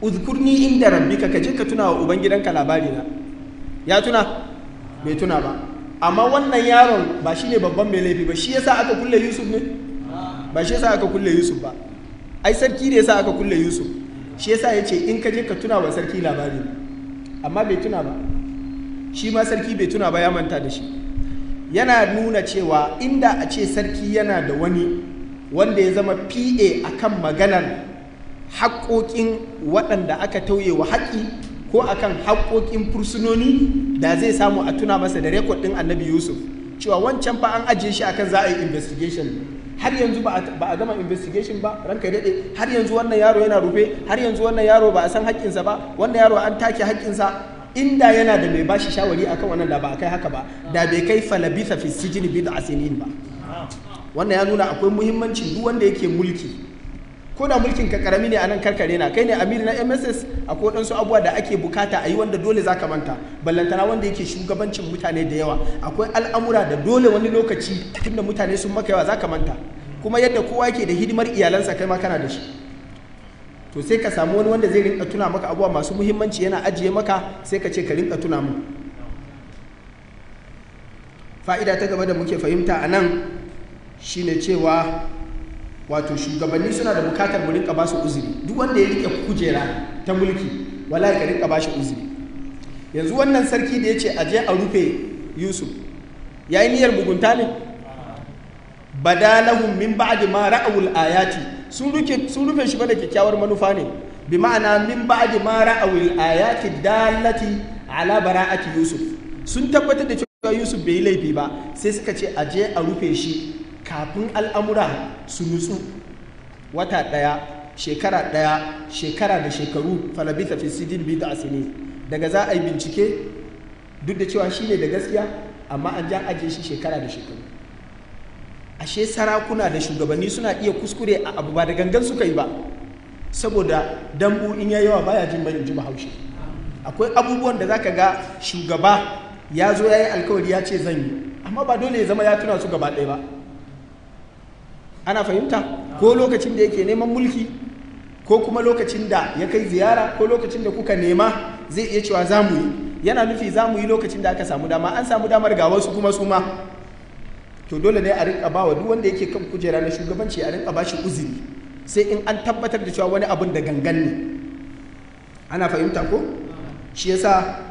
uzkurni inda rabbika ka je ka tuna wa ubangidanka labarina ya tuna bai tuna ba amma wannan yaron ba shi ne babban mai laifi ba shi ya sa aka kulle yusuf ne ba shi ya sa aka kulle yusuf ba ai sarki ne ya sa aka kulle yusuf shi ya sa ya ce in ka je ka tuna wa sarki labari amma bai tuna ba shi ma sarki bai tuna ba ya manta da shi yana nuna cewa inda a ce sarki yana da wani wanda ya zama pa akan maganar haƙoƙin waɗanda aka tauye wa haƙi ko akan haƙoƙin fursunoni da zai samu a tuna masa da rekod ɗin annabi yusuf cewa wancan fa an ajiye shi akan za a yi investigation har yanzu ba a gama investigation ba ranka daɗe har yanzu wannan yaro yana rufe har yanzu wannan yaro ba a san haƙƙinsa ba wannan yaro an take haƙƙinsa inda yana da mai bashi shawari akan wannan da ba a kai haka ba da bai kai falabisa fi sijini bid'a sinin ba wannan ya nuna akwai muhimmancin duk wanda yake mulki ko da mulkin ka karami ne a nan karkare na kai ne amiri na mss a ko ɗansu abubuwa da ake bukata a yi wanda dole za ka manta ballantana wanda yake shugabancin mutane da yawa akwai al'amura da dole wani lokaci tunda mutane sun maka yawa za ka manta kuma yadda kowa yake da hidimar iyalansa kai ma kana da shi to sai ka samu wani wanda zai rinka tuna maka abubuwa masu muhimmanci yana ajiye maka sai ka ce ka rinka tuna mu fa'ida ta gaba da muke fahimta a nan shine cewa wato shugabanni suna da bukatar mu rinka ba su uzuri duk wanda ya rike kujera ta mulki wallahi ka rinka ba shi uzuri yanzu wannan sarki da ya ce aje a rufe yusuf ya yi niyyar mugunta ne badalahum min ba'di ma ra'awul ayati sun rufe sun rufe shi ba da kyakkyawar manufa ne bi ma'ana min ba'di ma ra'awul ayati dalati ala bara'ati yusuf sun tabbatar da cewa yusuf bai yi laifi ba sai suka ce aje a rufe shi kafin al'amura su nutsu wata ɗaya shekara ɗaya shekara da shekaru falabita fi sidin biyu da asini daga za a yi bincike duk da cewa shi ne da gaskiya amma an ja ajiye shi shekara da shekaru ashe sarakuna da shugabanni suna iya kuskure a abu ba da gangan suka yi ba saboda dambu in ya yawa baya jin bayan ji bahaushe akwai abubuwan da zaka ga shugaba ya zo ya yi alkawari ya ce zan yi amma ba dole ya zama ya tuna su gaba ɗaya ba ana fahimta ko lokacin da yake neman mulki ko kuma lokacin da ya kai ziyara ko lokacin da kuka nema zai iya cewa za mu yi yana nufi za mu yi lokacin da aka samu dama an samu damar ga wasu kuma su ma to dole ne a rinka wa duk wanda yake kan kujera na shugabanci a rinka bashi uzuri sai in an tabbatar da cewa wani abun da gangan ne ana fahimta ko shi yasa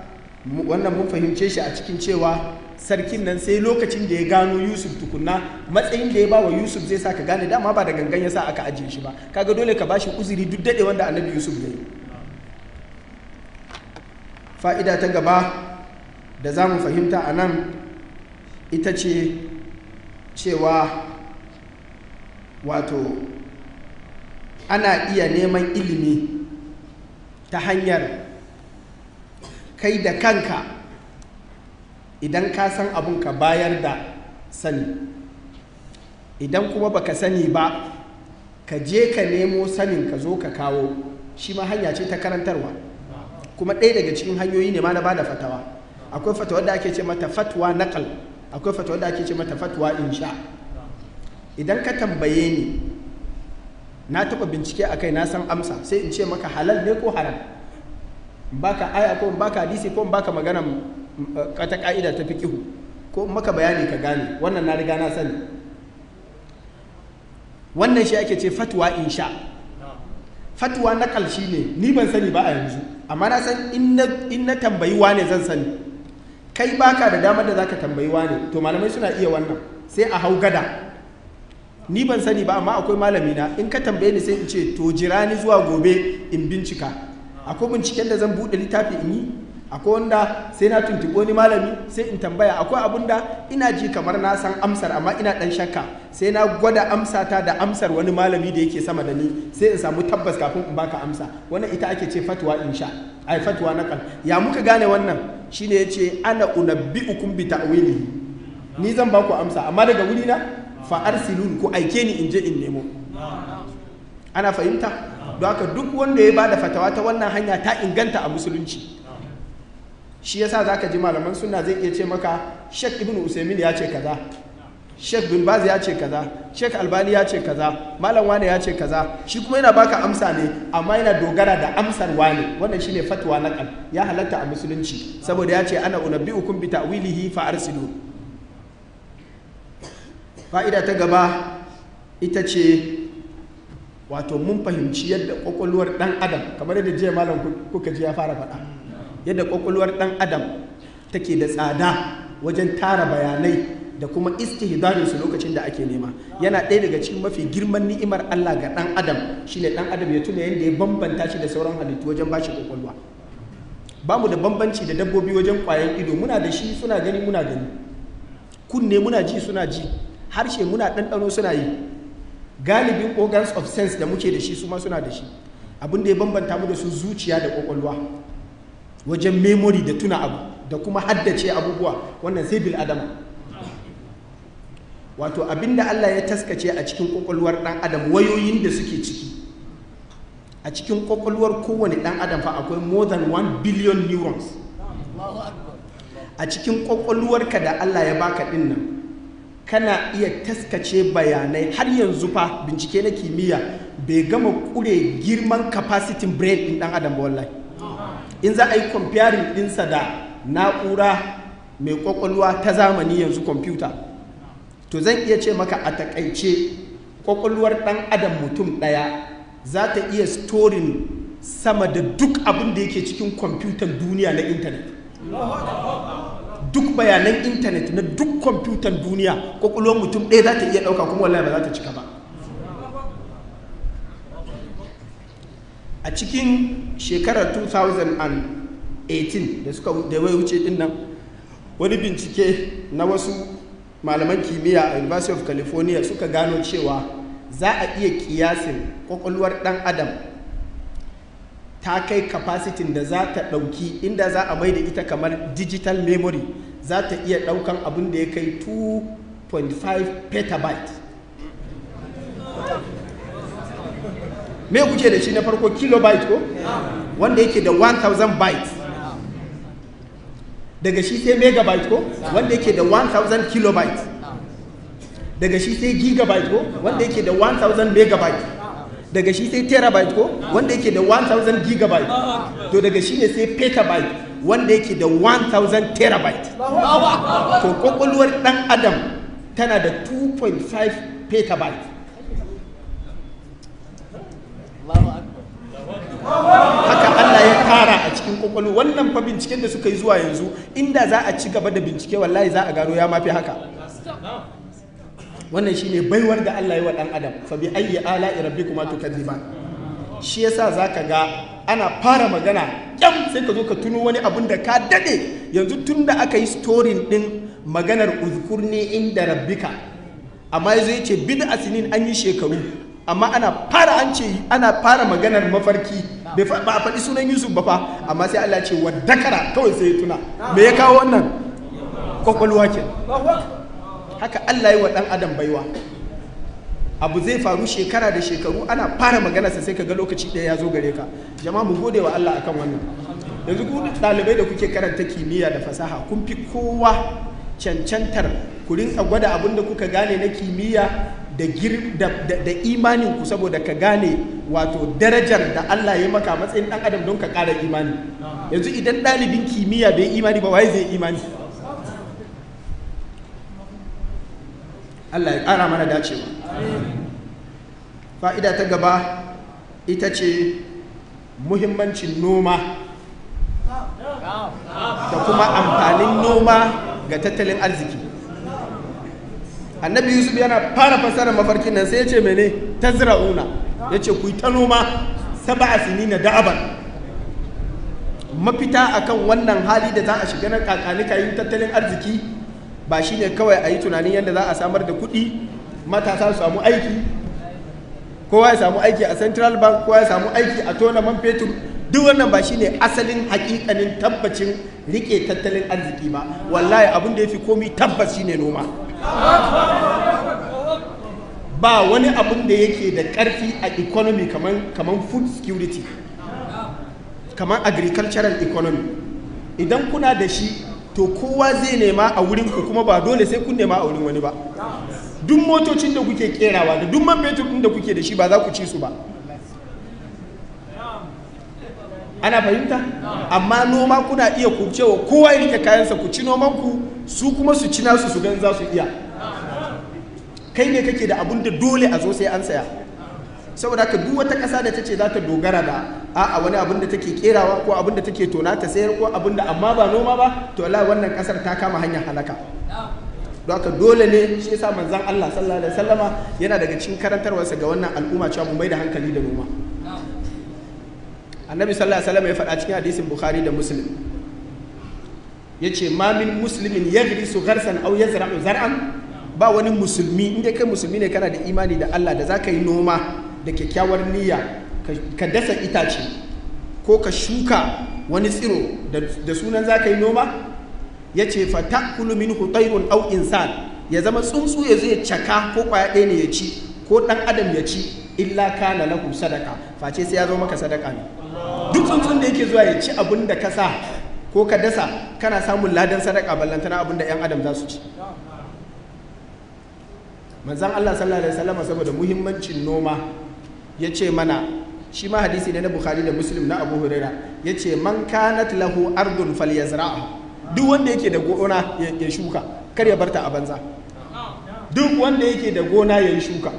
wannan mun fahimce shi a cikin cewa sarkin nan sai lokacin da ya gano yusuf tukunna matsayin da ya ba wa yusuf zai sa ka gane dama ba da gangan ya sa aka ajiye shi ba kaga dole ka bashi uzuri duk daɗe wanda annabi yusuf ya yi fa'ida ta gaba da za mu fahimta a nan ita ce cewa wato ana iya neman ilimi ta hanyar kai da kanka idan ka san abun ka bayar da sani idan kuma baka sani ba ka je ka nemo sanin ka zo ka kawo shi ma hanya ce ta karantarwa kuma ɗaya daga cikin hanyoyi ne ma na bada fatawa akwai fatawa da ake ce mata fatwa nakal akwai fatawa da ake ce mata fatwa insha idan ka tambaye ni na taɓa bincike a kai na san amsa sai in ce maka halal ne ko haram baka aya ko baka hadisi ko baka maganan kata ka'ida ta fiqihu ko maka bayani ka gane wannan na riga na sani wannan shi ake ce fatwa insha fatwa na kalshi ne ni ban sani ba a yanzu amma na san in na tambayi wane zan sani kai baka da damar da zaka tambayi wane to malamai suna iya wannan sai a hau gada ni ban sani ba amma akwai malami na in ka tambaye ni sai in ce to jira ni zuwa gobe in bincika akwai binciken da zan buɗe littafi in yi akwai wanda sai na tuntuɓi wani malami sai in tambaya akwai abun da ina ji kamar na san amsar amma ina ɗan shakka sai na gwada amsa ta da amsar wani malami da yake sama da ni sai in samu tabbas kafin in baka amsa wannan ita ake ce fatwa sha ai fatwa kan ya muka gane wannan shine yace ana unabbi'ukum bi ta'wili ni zan baku amsa amma daga wuri na fa arsilun ku aike ni in je in nemo ana fahimta don haka duk wanda ya bada fatawa ta wannan hanya ta inganta a musulunci shi yasa ka ji malaman suna zai iya ce maka Sheikh Ibn Usaimin ya ce kaza shek Bin Baz ya ce kaza shek Albani ya ce kaza Malam Wane ya ce kaza shi kuma yana baka amsa ne amma yana dogara da amsar Wane wannan shine fatwa na kan ya halatta a musulunci saboda ya ce ana unabbi'ukum bi ta'wilihi fa arsilu fa'ida ta gaba ita ce wato mun fahimci yadda kwakwalwar dan adam kamar yadda jiya malam kuka ji ya fara faɗa yadda kwakwalwar ɗan adam take da tsada wajen tara bayanai da kuma istihdarinsu lokacin da ake nema yana ɗaya daga cikin mafi girman ni'imar Allah ga ɗan adam shine ɗan adam ya tuna yadda ya bambanta shi da sauran halittu wajen bashi kwakwalwa ba mu da bambanci da dabbobi wajen ƙwayan ido muna da shi suna gani muna gani kunne muna ji suna ji harshe muna ɗanɗano suna yi galibin organs of sense da muke da shi su ma suna da shi abin da ya bambanta mu da su zuciya da kwakwalwa wajen memory da tuna abu da kuma haddace abubuwa wannan sai bil adama wato abinda Allah ya taskace a cikin kwakwalwar dan adam wayoyin da suke ciki a cikin kwakwalwar kowane dan adam fa akwai more than 1 billion neurons a cikin kwakwalwarka da Allah ya baka din kana iya taskace bayanai har yanzu fa bincike na kimiyya bai gama kure girman capacity brain din dan adam wallahi in za a yi kwamfiyarin ɗinsa da na'ura mai kwakwalwa ta zamani yanzu kwamfuta to zan iya ce maka a takaice kwakwalwar ɗan adam mutum ɗaya za ta iya storin sama da duk abin da yake cikin kwamfutan duniya na intanet duk bayanan intanet na duk kwamfutan duniya kwakwalwar mutum ɗaya za ta iya ɗauka kuma wallahi ba za ta cika ba a cikin shekarar 2018 da suka da wuce din nan wani bincike na wasu malaman kimiyya a university of california suka gano cewa za a iya kiyasin kwakwalwar dan adam ta kai kapasitin da za ta dauki inda za a mai da ita kamar digital memory za ta iya daukan abin da ya kai 2.5 petabyte me kuke da shi na farko kilobyte ko wanda yake da 1000 byte daga shi sai megabyte ko wanda yake da 1000 kilobyte daga shi sai gigabyte ko wanda yake da 1000 megabyte daga shi sai terabyte ko wanda yake da 1000 gigabyte to daga shi ne sai petabyte wanda yake da 1000 terabyte to kwakwalwar dan adam tana da 2.5 petabyte haka Allah ya kara a cikin kwakwalwa wannan fa binciken da suka yi zuwa yanzu inda za a ci gaba da bincike wallahi za a gano ya mafi haka wannan shi ne baiwar da Allah ya wa dan adam fa bi kuma to kadi ba shi yasa ka ga ana fara magana kyam sai ka zo ka tuno wani abun da ka dade yanzu tun da aka yi storin ɗin maganar uzkurni inda rabbika amma yazo yace bid asinin an yi shekaru amma ana fara an ce ana fara maganar mafarki ba a faɗi sunan yusuf ba fa amma sai allah ce wa dakara kawai sai tuna me ya kawo wannan kwakwalwa ke haka allah yi wa ɗan adam baiwa abu zai faru shekara da shekaru ana fara sa sai ka ga lokaci ɗaya ya zo gare ka jama'a mu gode wa allah akan wannan yanzu ku ɗalibai da kuke karanta kimiyya da fasaha kun fi kowa cancantar ku rinka gwada abin da kuka gane na kimiyya da imanin ku saboda ka gane wato darajar da Allah ya maka matsayin dan adam don ka kara imani yanzu idan ɗalibin kimiyya bai imani ba waye zai imani Allah ya ƙara mana dacewa fa'ida ta gaba ita ce muhimmancin noma da kuma amfanin noma ga tattalin arziki annabi yusuf yana fara fasara mafarkin nan sai ya ce mene zirauna ya ce ku yi ta noma sini na da'abar mafita akan wannan hali da za a shiga na kakanika yin tattalin arziki ba shine kawai a yi tunanin yadda za a samar da kuɗi matasa su samu aiki kowa ya samu aiki a central bank kowa ya samu aiki a tona man fetur duk wannan ba shine asalin hakikanin tabbacin rike tattalin arziki ba wallahi abin da ya fi komi tabbas shine noma ba wani abun da yake da ƙarfi a economy kamar food security kamar agricultural economy idan kuna da shi to kowa zai nema a wurin ku kuma ba dole sai kun nema a wurin wani ba duk motocin da kuke kerawa da duk man fetur da kuke da shi ba za ku ci su ba ana fahimta amma noma kuna iya kuce wa kowa ya rike kayansa ku ci noman ku su kuma su ci nasu su gan za su iya kai ne kake da abun da dole a zo sai an saya saboda ka duk wata ƙasa da ta ce za ta dogara da a'a wani abin da take kerawa ko abin da take tona ta sayar ko abin da amma ba noma ba to la wannan ƙasar ta kama hanyar halaka don haka dole ne shi yasa manzon Allah sallallahu alaihi wasallama yana daga cikin karantarwarsa ga wannan al'umma cewa mu mai da hankali da noma annabi sallallahu alaihi wasallam ya faɗa cikin hadisin bukhari da muslim ya ce mamin musulmin ya gari su garsan au ya zara'u ba wani musulmi inda kai musulmi ne kana da imani da Allah da za ka yi noma da kyakkyawar niyya ka dasa itace ko ka shuka wani tsiro da sunan za ka yi noma ya ce fata kulumin hutairun au insan ya zama tsuntsu ya zai caka ko kwaya ɗaya ne ya ci ko ɗan adam ya ci illa kana lahu sadaka face sai ya zo maka sadaka ne duk tsuntsun da yake zuwa ya ci abin da ka sa ko ka dasa kana samun ladan sadaka ballantana abin da 'yan adam za su ci manzan Allah sallallahu alaihi wasallam saboda muhimmancin noma ya ce mana shi ma hadisi ne na bukhari da muslim na abu huraira ya ce man kanat lahu ardun falyazra'a duk wanda yake da gona ya shuka kar ya barta a banza duk wanda yake da gona ya shuka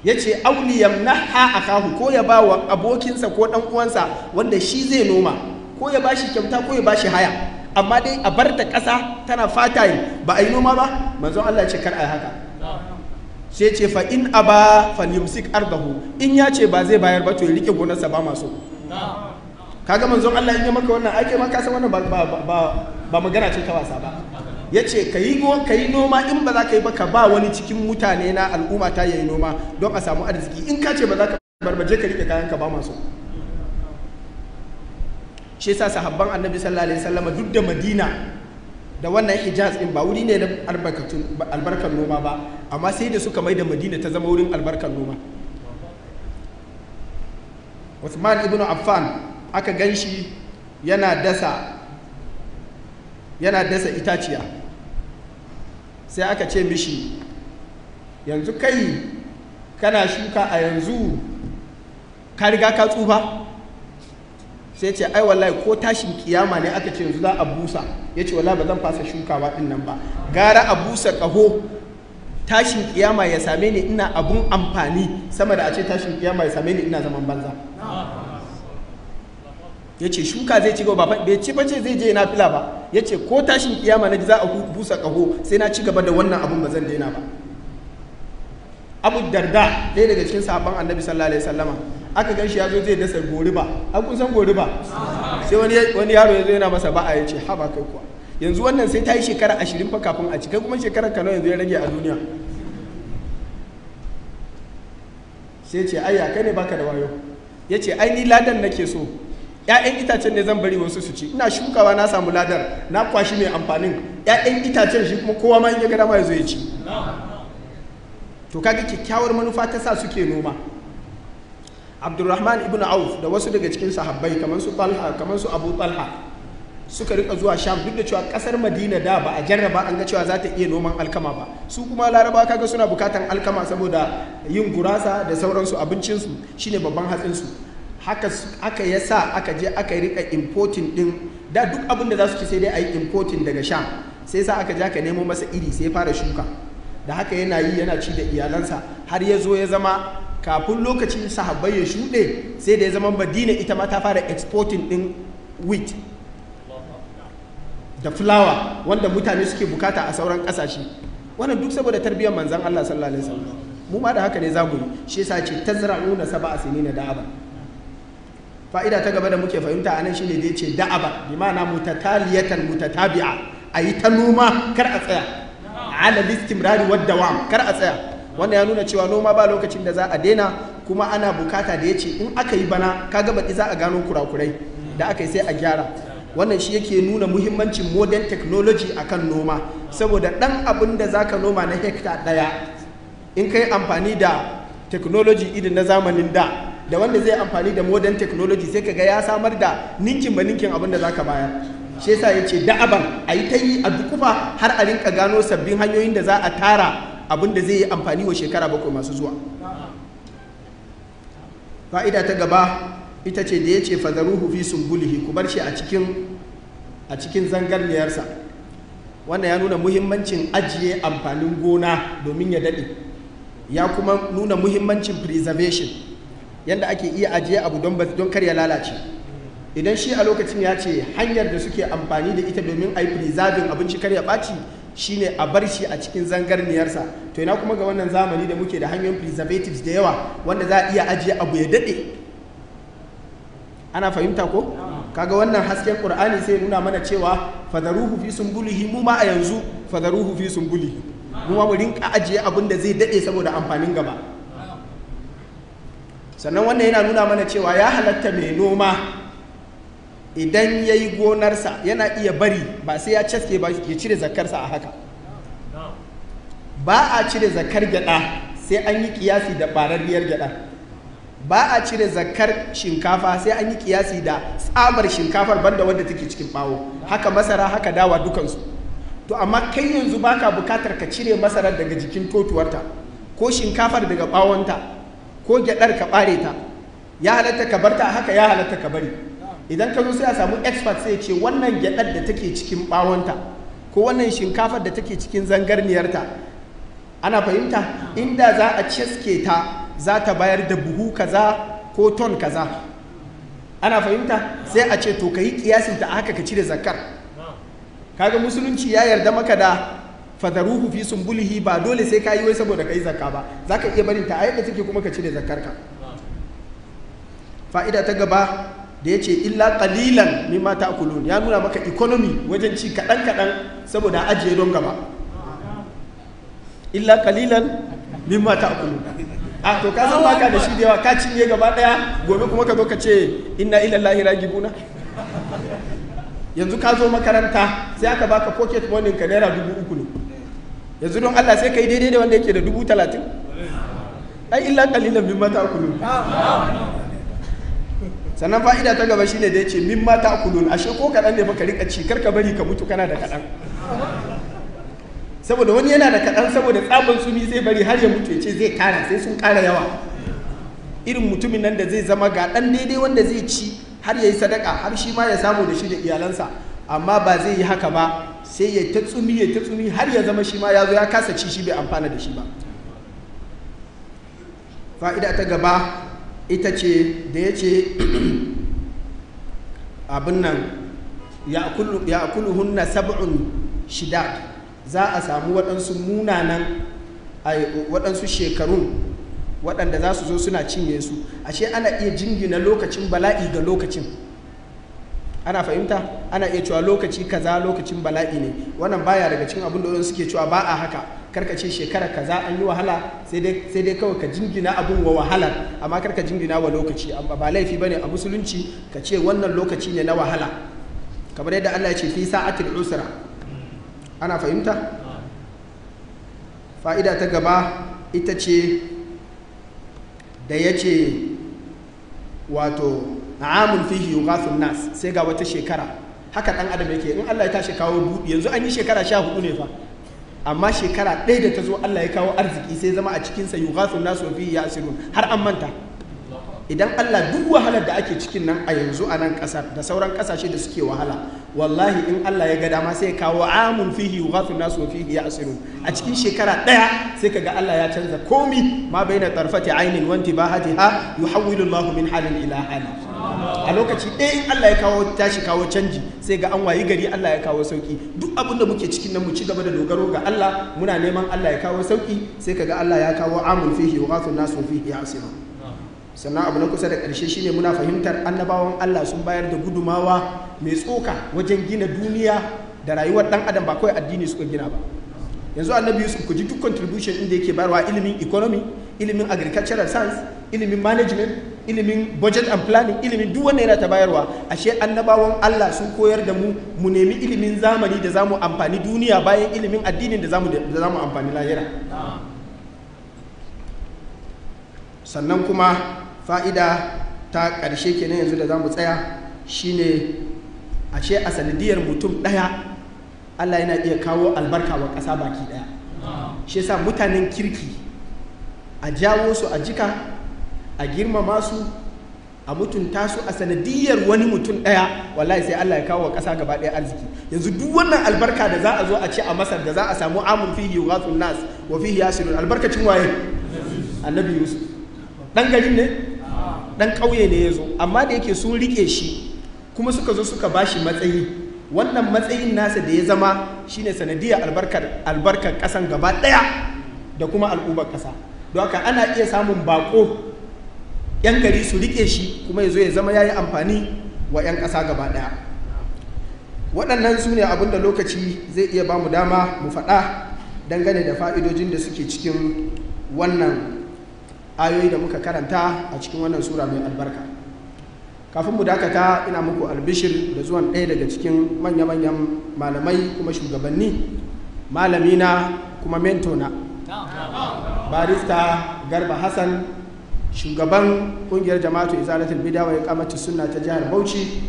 ya ce yamna akahu ko ya ba wa abokinsa ko dan uwansa wanda shi zai noma ko ya bashi kyauta ko ya bashi haya amma dai a bar ta ƙasa tana fata yi ba a yi noma ba manzo Allah ce kar a haka sai ce fa in aba falyumsik ardahu in ya ce ba zai bayar ba to ya rike gonarsa ba maso kaga manzo Allah in ya maka wannan ake maka san wannan ba ba magana ce ta wasa ba yace ka yi noma in ba za ka yi ba ka ba wani cikin mutane na al'umma ta yayi noma don a samu arziki in ka ce ba za ka barbaje ka rike kayan ka ba maso shi yasa sahabban annabi sallallahu alaihi wasallam duk da madina da wannan hijaz din ba wuri ne na albarkar noma ba amma sai da suka mai da madina ta zama wurin albarkar noma Usman ibn Affan aka gan shi yana dasa yana dasa itaciya sai aka ce mishi yanzu kai kana shuka a yanzu ka riga ka tsufa sai ce ai wallahi ko tashin kiyama ne aka ce yanzu za a busa ya ce wallahi ba zan fasa shukawa din nan ba gara a busa kaho tashin kiyama ya same ni ina abun amfani sama da a ce tashin kiyama ya same ni ina zaman banza ya ce shuka zai ci gaba bai ci bace zai je na fila ba ya ce ko tashin kiyama na ji za a busa kaho sai na ci gaba da wannan abun ba zan daina ba abu darda ɗaya daga cikin sabon annabi sallallahu alaihi wasallama aka gan shi ya zo zai dasa ba an kun san ba sai wani yaro ya zo yana masa ba'a ya ce ba kai kuwa yanzu wannan sai ta yi shekara ashirin fa kafin a cika kuma shekara kano yanzu ya rage a duniya sai ce ai ya kai ne baka da wayo ya ce ai ni ladan nake so ‘ya'yan itacen ne zan bari wasu su ci ina shukawa na samu ladar na kwashi mai amfanin ‘ya'yan itacen shi kuma kowa ma in ya gada ma ya zo ya ci to kaga kyakkyawar manufa ta sa suke noma abdurrahman ibn auf da wasu daga cikin sahabbai kamar su talha kamar su abu talha suka rika zuwa sham duk da cewa kasar madina da ba a jarraba an ga cewa za ta iya noman alkama ba su kuma laraba kaga suna bukatan alkama saboda yin gurasa da sauransu abincinsu shine babban hatsinsu haka aka ya sa aka je aka rika importing din da duk abin da za su ci sai dai a yi importing daga sham sai sa aka je aka nemo masa iri sai fara shuka da haka yana yi yana ci da iyalansa har ya zo ya zama kafin lokacin sahabbai ya shuɗe sai da ya zama madina ita ma ta fara exporting ɗin wheat da fulawa wanda mutane suke bukata a sauran kasashe wannan duk saboda tarbiyyar manzan Allah sallallahu alaihi wasallam mu ma da haka ne za mu yi shi yasa ce tazra'una sab'a sinina da'aba fa'ida ta gaba da muke fahimta anan shine da yace da'aba bi ma'ana mutataliyatan mutatabi'a ayi ta noma kar a tsaya ala listimrari wad dawam kar a tsaya wanda ya nuna cewa noma ba lokacin da za a daina kuma ana bukata da ya ce in aka yi bana ka gaba baɗi za a gano kurakurai da aka yi sai a gyara wannan shi yake nuna muhimmancin modern technology akan noma saboda dan abin da za noma na hekta daya. in ka yi amfani da technology irin na zamanin da da wanda zai amfani da modern technology sai ka ga ya samar da ninkin ba ninkin abin da zaka bayar shi yasa yace da'aban a yi ta yi a dukufa har a rinka gano sabbin hanyoyin da za a tara abin da zai yi amfani wa shekara bakwai masu zuwa fa'ida ta gaba ita ce da ya ce fadaruhu fi sumbulihi ku bar shi a cikin a cikin zangarniyarsa wannan ya nuna muhimmancin ajiye amfanin gona domin ya daɗe ya kuma nuna muhimmancin preservation yadda ake iya ajiye abu don kar ya lalace idan shi a lokacin ya ce hanyar da suke amfani da ita domin a yi preserving abinci kar ya ɓaci shine a bar shi a cikin zangarniyarsa to ina kuma ga wannan zamani da muke da hanyoyin preservatives da yawa wanda za a iya ajiye abu ya daɗe ana fahimta ko kaga wannan hasken qur'ani sai nuna mana cewa fadaruhu fi sumbulihi mu ma a yanzu fadaruhu fi sumbulihi mu ma mu rinka ajiye abin da zai daɗe saboda amfanin gaba sannan wannan yana nuna mana cewa ya halatta mai noma idan ya yi gonarsa yana iya bari ba sai ya caske ba ya cire zakarsa a haka ba a cire zakar gyada sai an yi kiyasi da bararriyar gyada ba a cire zakar shinkafa sai an yi kiyasi da tsabar shinkafar banda wanda take cikin bawo haka masara haka dawa dukansu to amma kai yanzu baka bukatar ka cire masarar daga jikin totuwarta ko shinkafar daga bawonta ko gyadar ka bare ta ya halatta ka barta haka ya halatta ka bari idan ka zo sai a samu expert sai ce wannan gyaɗar da take cikin bawonta ko wannan shinkafar da take cikin zangarniyarta ana fahimta inda za a ceske ta za ta bayar da buhu kaza ko ton kaza ana fahimta sai a ce to ka yi kiyasin ta haka ka cire zakar kaga musulunci ya yarda maka da fadaruhu fi sumbulihi ba dole sai ka yi wai saboda ka yi zakka ba za ka iya barin ta a yadda take kuma ka cire zakar ka fa'ida ta gaba da ya ce illa mata mimma ta'kulun ya nuna maka economy wajen ci kaɗan kaɗan saboda ajiye don gaba illa kalilan mimma mata a to ka san baka da shi da yawa ka cinye gaba daya gobe kuma ka zo ka ce inna ila lahi ragibuna yanzu ka zo makaranta sai aka baka pocket money ka naira dubu uku ne yanzu don Allah sai kai daidai da wanda yake da dubu talatin ai illa mata mimma ta'kulun sannan fa'ida ta gaba shine da ya ce min mata kudu ashe ko kaɗan ne baka rika ci karka bari ka mutu kana da kaɗan saboda wani yana da kaɗan saboda tsabon sumi zai bari har ya mutu ya ce zai kara sai sun kara yawa irin mutumin nan da zai zama ga ɗan daidai wanda zai ci har ya yi sadaka har shi ma ya samu da shi da iyalansa amma ba zai yi haka ba sai ya ta tsumi ya ta tsumi har ya zama shi ma ya zo ya kasa ci shi bai amfana da shi ba fa'ida ta gaba ita ce da ya ce *clears throat* abin nan ya hunna sab'un shida za a samu waɗansu munanan waɗansu shekarun waɗanda za su zo suna cinye su ashe ana iya jingina lokacin bala'i ga lokacin ana fahimta ana iya cewa lokaci kaza lokacin bala'i ne wannan baya daga cikin abin da suke cewa ba a haka karka ce shekara kaza an yi wahala sai dai kawai ka jingina abin wa wahalar amma karka jingina wa lokaci amma ba laifi bane a musulunci ka ce wannan lokaci ne na wahala kamar yadda Allah ya ce fi sa'atil usra ana fahimta fa'ida ta gaba ita ce da ya wato amun fihi yughathun nas sai ga wata shekara haka dan adam yake in Allah ya tashi kawo yanzu an yi shekara sha hudu ne fa amma shekara ɗaya da ta zo Allah ya kawo arziki sai zama a cikinsa yi ghasu nasu fi ya asirun har an manta idan Allah duk wahalar da ake cikin nan a yanzu a nan ƙasar da sauran ƙasashe da suke wahala wallahi in Allah ya ga dama sai ya kawo amun fihi yughathu nasu fi ya ya'sirun a cikin shekara ɗaya sai kaga Allah ya canza komi ma baina tarfati ainin wa intibahatiha yuhawwilu Allahu min halin ila halin a lokaci ɗaya in Allah ya kawo tashi kawo canji sai ga an wayi gari Allah ya kawo sauki duk abin da muke cikin nan mu ci gaba da dogaro ga Allah muna neman Allah ya kawo sauki sai kaga Allah ya kawo amun fihi wa ghathun nasu fihi yasima sannan abu na kusa da karshe shine muna fahimtar annabawan Allah sun bayar da gudumawa mai tsoka wajen gina duniya da rayuwar dan adam ba kawai addini suka gina ba yanzu annabi Yusuf ku ji duk contribution inda yake bayarwa ilimin economy ilimin agricultural science ilimin management ilimin budget and planning ilimin duk wannan yana ta bayarwa ashe annabawan Allah sun koyar da mu mu nemi ilimin zamani da zamu amfani duniya bayan ilimin addinin da zamu da zamu amfani lahira sannan kuma fa'ida ta ƙarshe kenan yanzu da zamu tsaya shine ashe a sanadiyar mutum ɗaya Allah yana iya kawo albarka wa ƙasa baki ɗaya shi yasa mutanen kirki a jawo su a jika a girmama su a mutunta su a sanadiyar wani mutum ɗaya wallahi sai Allah ya kawo kasa gaba ɗaya arziki yanzu duk wannan albarka da za a zo a ce a Masar da za a samu amun fihi yughathun nas wa fihi yasirun albarkacin waye annabi Yusuf dan garin ne dan ƙauye ne ya zo amma da yake sun rike shi kuma suka zo suka bashi matsayi wannan matsayin nasa da ya zama shine sanadiyar albarkar albarkar ƙasan gaba ɗaya da kuma al'ubar ƙasa don ana iya samun bako yan gari su rike shi kuma ya zo ya zama ya yi amfani wa yan ƙasa gaba ɗaya waɗannan su ne abinda lokaci zai iya ba mu dama mu faɗa dangane da fa'idojin da suke cikin wannan ayoyi da muka karanta a cikin wannan sura mai albarka kafin mu dakata ina muku albishir da zuwan ɗaya daga cikin manya-manyan malamai kuma shugabanni malamina kuma mentona barista garba hassan shugaban kungiyar jama'atu izalatul bidawa ya kamata sunna ta jihar bauchi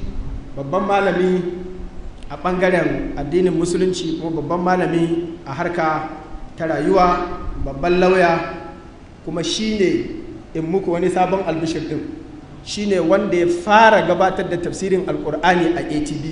babban malami a bangaren addinin musulunci kuma babban malami a harka ta rayuwa babban lauya kuma shine in muku wani sabon albishir din shine wanda ya fara gabatar da tafsirin alkur'ani a atbu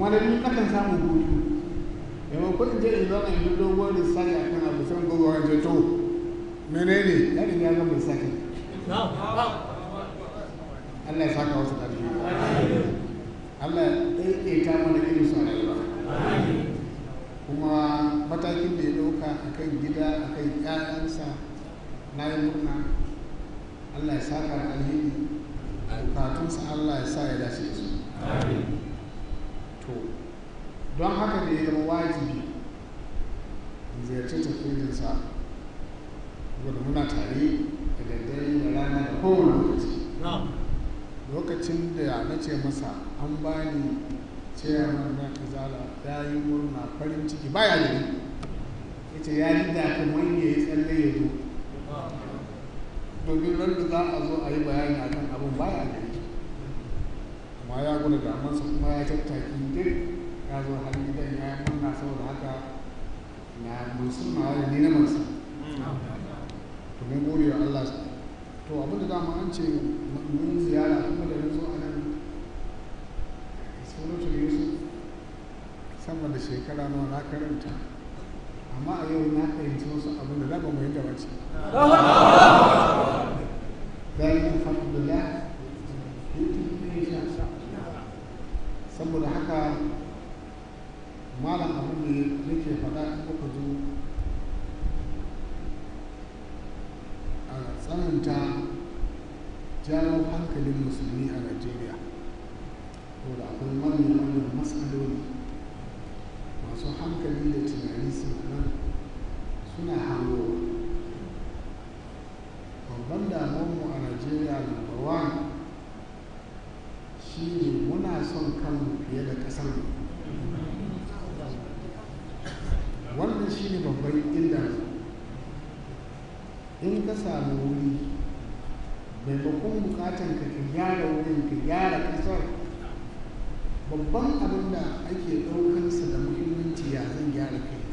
kuma da ni nakan samu hutu yamma in je in zauna in dogon lissafi a kan abu san gogo an je to menene ya riga ga mai sake Allah ya saka wasu ƙarfi Allah ya ɗaiɗaita mana irin su rayuwa kuma matakin da ya ɗauka a kan gida a kan ƴaƴansa na yi murna Allah ya saka da alheri bukatunsa Allah ya sa ya dace da su don haka da ya zama wajibi ziyarci tafiyarsa wadda muna tare da daddare da rana da kowane lokaci lokacin da na ce masa an bani cewar na kazala ya yi murna farin ciki ba ya ni ya ce ya ji ta wange ya tsalle ya zo domin wanda za a zo a yi bayani a kan abin baya ya ni amma ya gwada damansa kuma ya tattaki duk ya zo har gidan ya yi murna saboda haka na musulma ya ni na musulma to mun gode wa Allah to abin da dama an ce mun ziyara kuma da zo a nan sunatul yusuf sama da shekara nawa na karanta amma a yau na fahimci wasu abin da zaba mu yadda wace zalimin fadlullah saboda haka malam abu ne nake faɗa in kuka zo a tsananta jawo hankalin musulmi a najeriya ko da akwai manyan matsaloli masu hankali da tunani suna suna hango babban damarmu a najeriya number one shi ne muna son kanmu fiye da ƙasar babban illa in ka samu wuri maimakon bukatan ka ka gyara wurin ka gyara kasar babban abin da ake ɗaukansa da muhimmanci ya zan gyara kai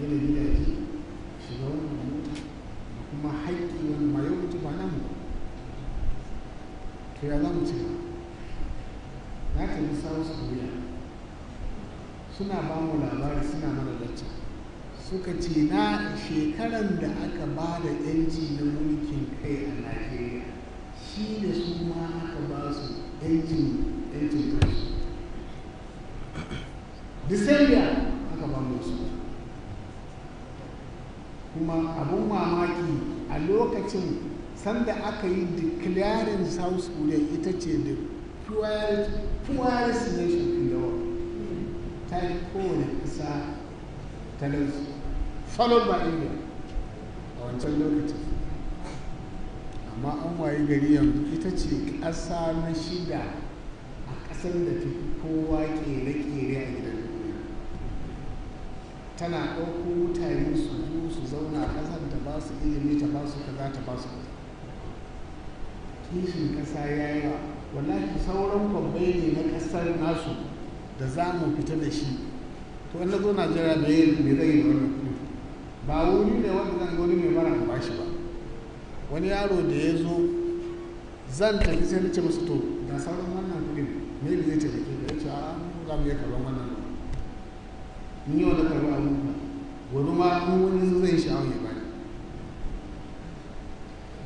yana shi shiga wani mota da kuma haƙƙi wani ma mutu ba namu ya za cewa. suna ba mu labari suna mana lacca suka ce na shekaran da aka ba da yanci na mulkin kai a najeriya shi da su ma aka ba su yancin yancin kai. disemba aka ba mu su kuma abun mamaki a lokacin sanda aka yi declaring south korea ita ce da poorest nation ta yi kowane ta lansu followed by india a wancan lokacin amma an waye gari yanzu ita ce ƙasa na shida a ƙasar da ta fi kowa ƙere-ƙere a gidan tana ɗauko mutane su zo su zauna a ƙasar da ba su ilimi ta ba su kaza ta ba su kaza kishin ƙasa ya yi wa wallahi sauran babbai ne na ƙasar nasu da za mu fita da shi to in na zo najeriya da yi me zai yi da wannan ba wuri ne wanda zan wani mai mara ba shi ba wani yaro da ya zo zan tafi sai na ce masa to da sauran wannan kudi ne ne zai taimake ka ya ce a za mu iya karɓar wannan in yau da karɓar abubuwa wani ma in wani zai sha'awar ya bani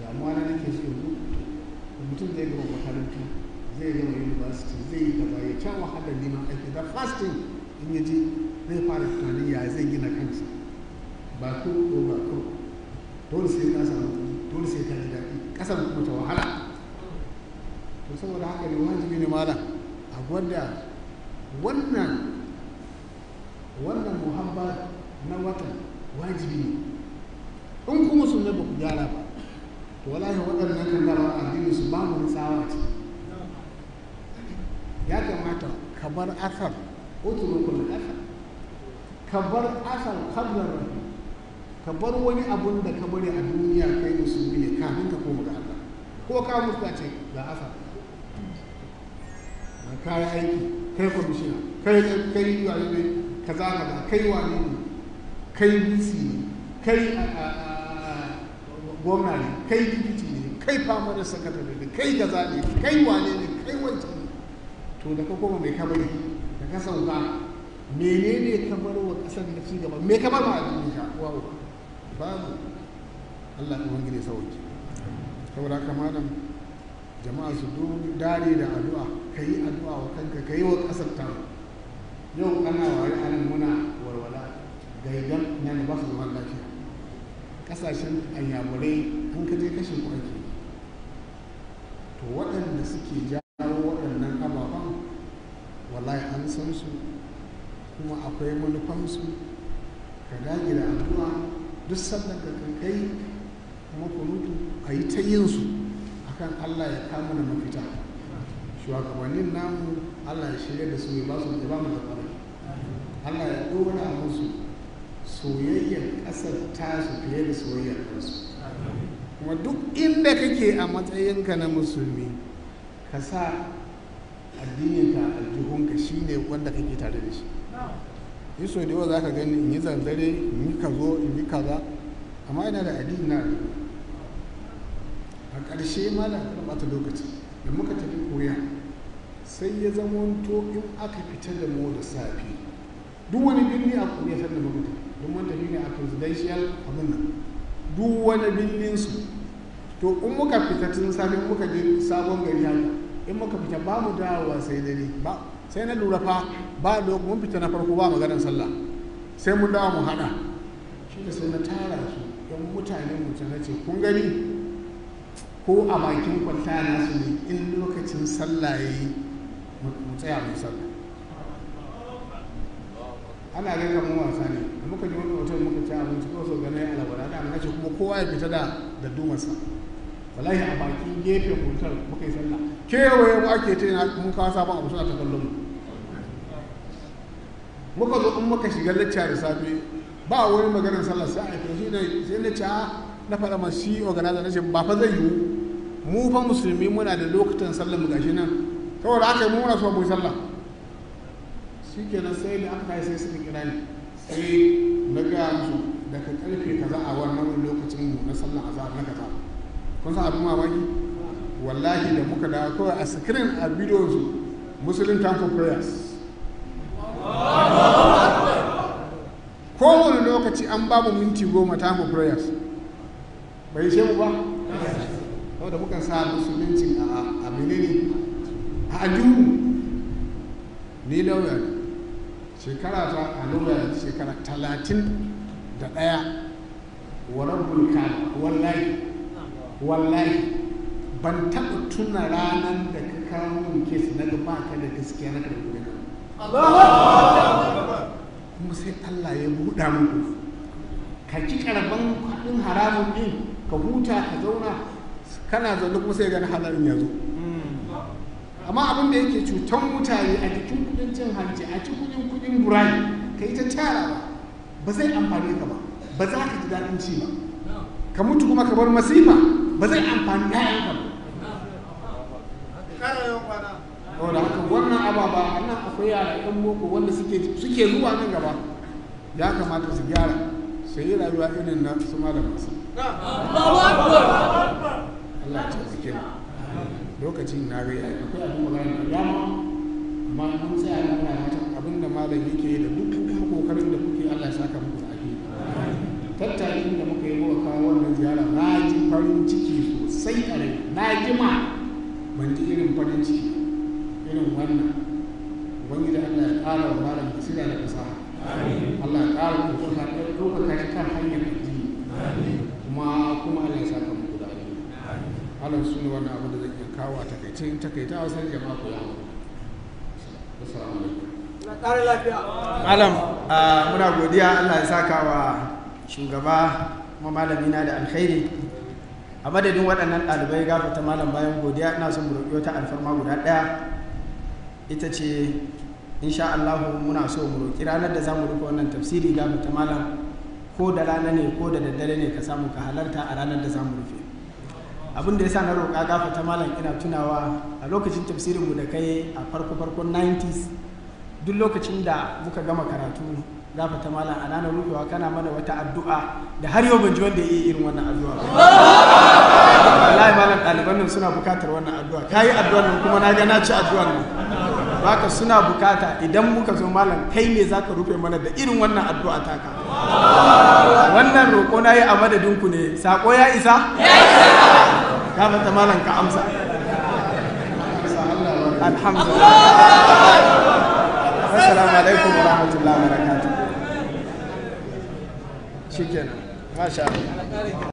damuwa na nake so yanzu mutum zai gaba makarantu zai gama university zai yi gaba ya can wahalar neman aiki da fasting in ya ji zai fara tunanin ya zai gina kansa ba ko ko ba ko dole sai ka samu dole sai ka ji daɗi ƙasar kuma ta wahala to saboda haka ne wajibi ne malam a gwada wannan wannan muhabba na watan wajibi ne in kuma sun ba ku gyara ba to wallahi waɗannan kan gaba addinin su ba mu tsawa ce bar asar utrukul asar ka bar asar qabla rabbi ka bar wani abun da ka bari a duniya kai musulmi ne kafin ka koma ga Allah ko ka musu ce ga asar na kai aiki kai kwamishina kai kai wani ne kaza kaza kai wani ne kai bisi ne kai gwamna ne kai dikiti ne kai fama da sakatare ne kai gaza ne kai wane ne to da ka koma mai ka da ka sauka menene ka bar wa ƙasar da ci gaba mai kamar ba a addini ka uwa uwa babu Allah ya wangire sauki saboda haka malam jama'a su dare da addu'a ka yi addu'a wa kanka ka yi wa ƙasar ta yau ana wari anan muna warwala gaidan nan ba su zama lafiya ƙasashen anyamurai an ka je kashin ku to waɗanda suke ja manufofinsu kuma akwai manufansu ka dage da addu'a duk sannan ka kai kuma kunutu a yi ta yin su akan Allah ya kama da mafita shugabannin namu Allah ya shirya da su ya ba su da ba mu da kwarai Allah ya dora musu soyayyar ƙasar su fiye da soyayyar kansu kuma duk inda kake a matsayinka na musulmi ka sa addininka aljihunka shi ne wanda kake tare da shi yi so da yawa za ka gani in yi zanzare in yi kazo in yi kaza amma ina da addini na a ƙarshe ma na ɓata lokaci da muka tafi koya sai ya zama zamanto in aka fita da mu da safe duk wani birni a koya sanda muka tafi don mun tafi ne a presidential abin nan duk wani birnin su to in muka fita tun safe muka je sabon gari haka in muka fita ba mu dawowa sai dare ba sai na lura fa ba lokacin mun fita na farko ba maganar sallah sai mun dawo mu hada shi da sai na tara su don mutane mu na ce kun gani ko a bakin kwanta na su ne in lokacin sallah yayi mu tsaya mu sallah ana ga kamar wasa ne da muka ji wani hoton muka ci abinci ko so gane alabara da nace ce kuma kowa ya fita da da dumarsa wallahi a bakin gefen hotel muka yi sallah kewaye mu ake ta yana mun kawo sabon abu suna ta kallon mu muka zo in muka shiga lacca da safe ba wani maganar sallar sai a yi ne sai na ce ah, na faɗa ma shi organizer na ce ba fa zai yiwu mu fa musulmi muna da lokutan sallar mu gashi nan saboda aka yi mu muna so mu sallah shi nan sai da aka kai sai su kira ni sai na gaya musu daga karfe kaza a wannan lokacin mu na sallar azhar na kaza kun san abin mamaki wallahi da muka da kawai a screen a videos muslim time for prayers kowane lokaci an ba mu minti goma time for prayers bai ce mu ba da muka sa musuluncin a menene a ajihu ni lauya ne shekara ta a lauya shekara talatin da ɗaya wa rabbul kan wallahi wallahi ban taɓa tuna ranar da ka kawo min kesa na gaba ka da gaskiya na karɓi da kan kuma sai Allah ya buɗa muku ka ci karban kuɗin haramun ɗin ka huta ka zauna kana zaune kuma sai gani halarin ya zo hmm. amma abin da yake cutan mutane a jikin kuɗin cin hanci a cikin kuɗin burayi ka yi ta tara ba ba zai amfani ka ba ba za ka ji daɗin ci ba ka mutu kuma ka bar masifa ba zai amfani ka ba saboda haka wannan ababa a nan akwai yara ɗan boko wanda suke zuwa nan gaba ya kamata su gyara su yi rayuwa irin na su malam masu Allah ta tsike lokacin na rai akwai abin magana da dama amma an tsaya na magana abin da malam yake yi da duk kuma kokarin da kuke Allah ya saka muku zafi Tattalin da muka yi muka kawo wannan ziyara na ji farin ciki sosai a rai na jima ban ji irin farin ciki irin wannan ubangiji Allah ya ƙara wa malam basira da fasaha Allah ya ƙara wa kuma ya ɗaukaka shi kan hanyar addini kuma kuma Allah ya saka muku da alheri Allah su ne wannan abu da zai iya kawo a takaice in takaita a wasan jama'a ku yawo assalamu alaikum malam muna godiya Allah ya saka wa shugaba kuma malamina da alkhairi a madadin waɗannan ɗalibai gafata malam bayan godiya ina son mu roƙi wata alfarma guda ɗaya ita ce insha Allah muna so mu roƙi ranar da za mu rufe wannan tafsiri ga mu malam ko da rana ne ko da daddare ne ka samu ka halarta a ranar da za mu rufe abin da ya sa na roƙa gafa ta malam ina tunawa a lokacin tafsirin mu da kai a farko farkon 90s duk lokacin da muka gama karatu gafa ta malam a ranar rufewa kana mana wata addu'a da har yau ban ji wanda ya yi irin wannan addu'a wallahi malam ɗaliban nan suna buƙatar wannan addu'a kayi addu'a nan kuma na ga na ci addu'a nan baka suna bukata idan muka zo malam kai ne za ka rufe mana da irin wannan addu'a taka wannan roƙo na yi a madadinku ne saƙo ya isa ya fata malam ka amsa alhamdulillah assalamu alaikum wa rahmatullahi wa barakatuh shikenan masha Allah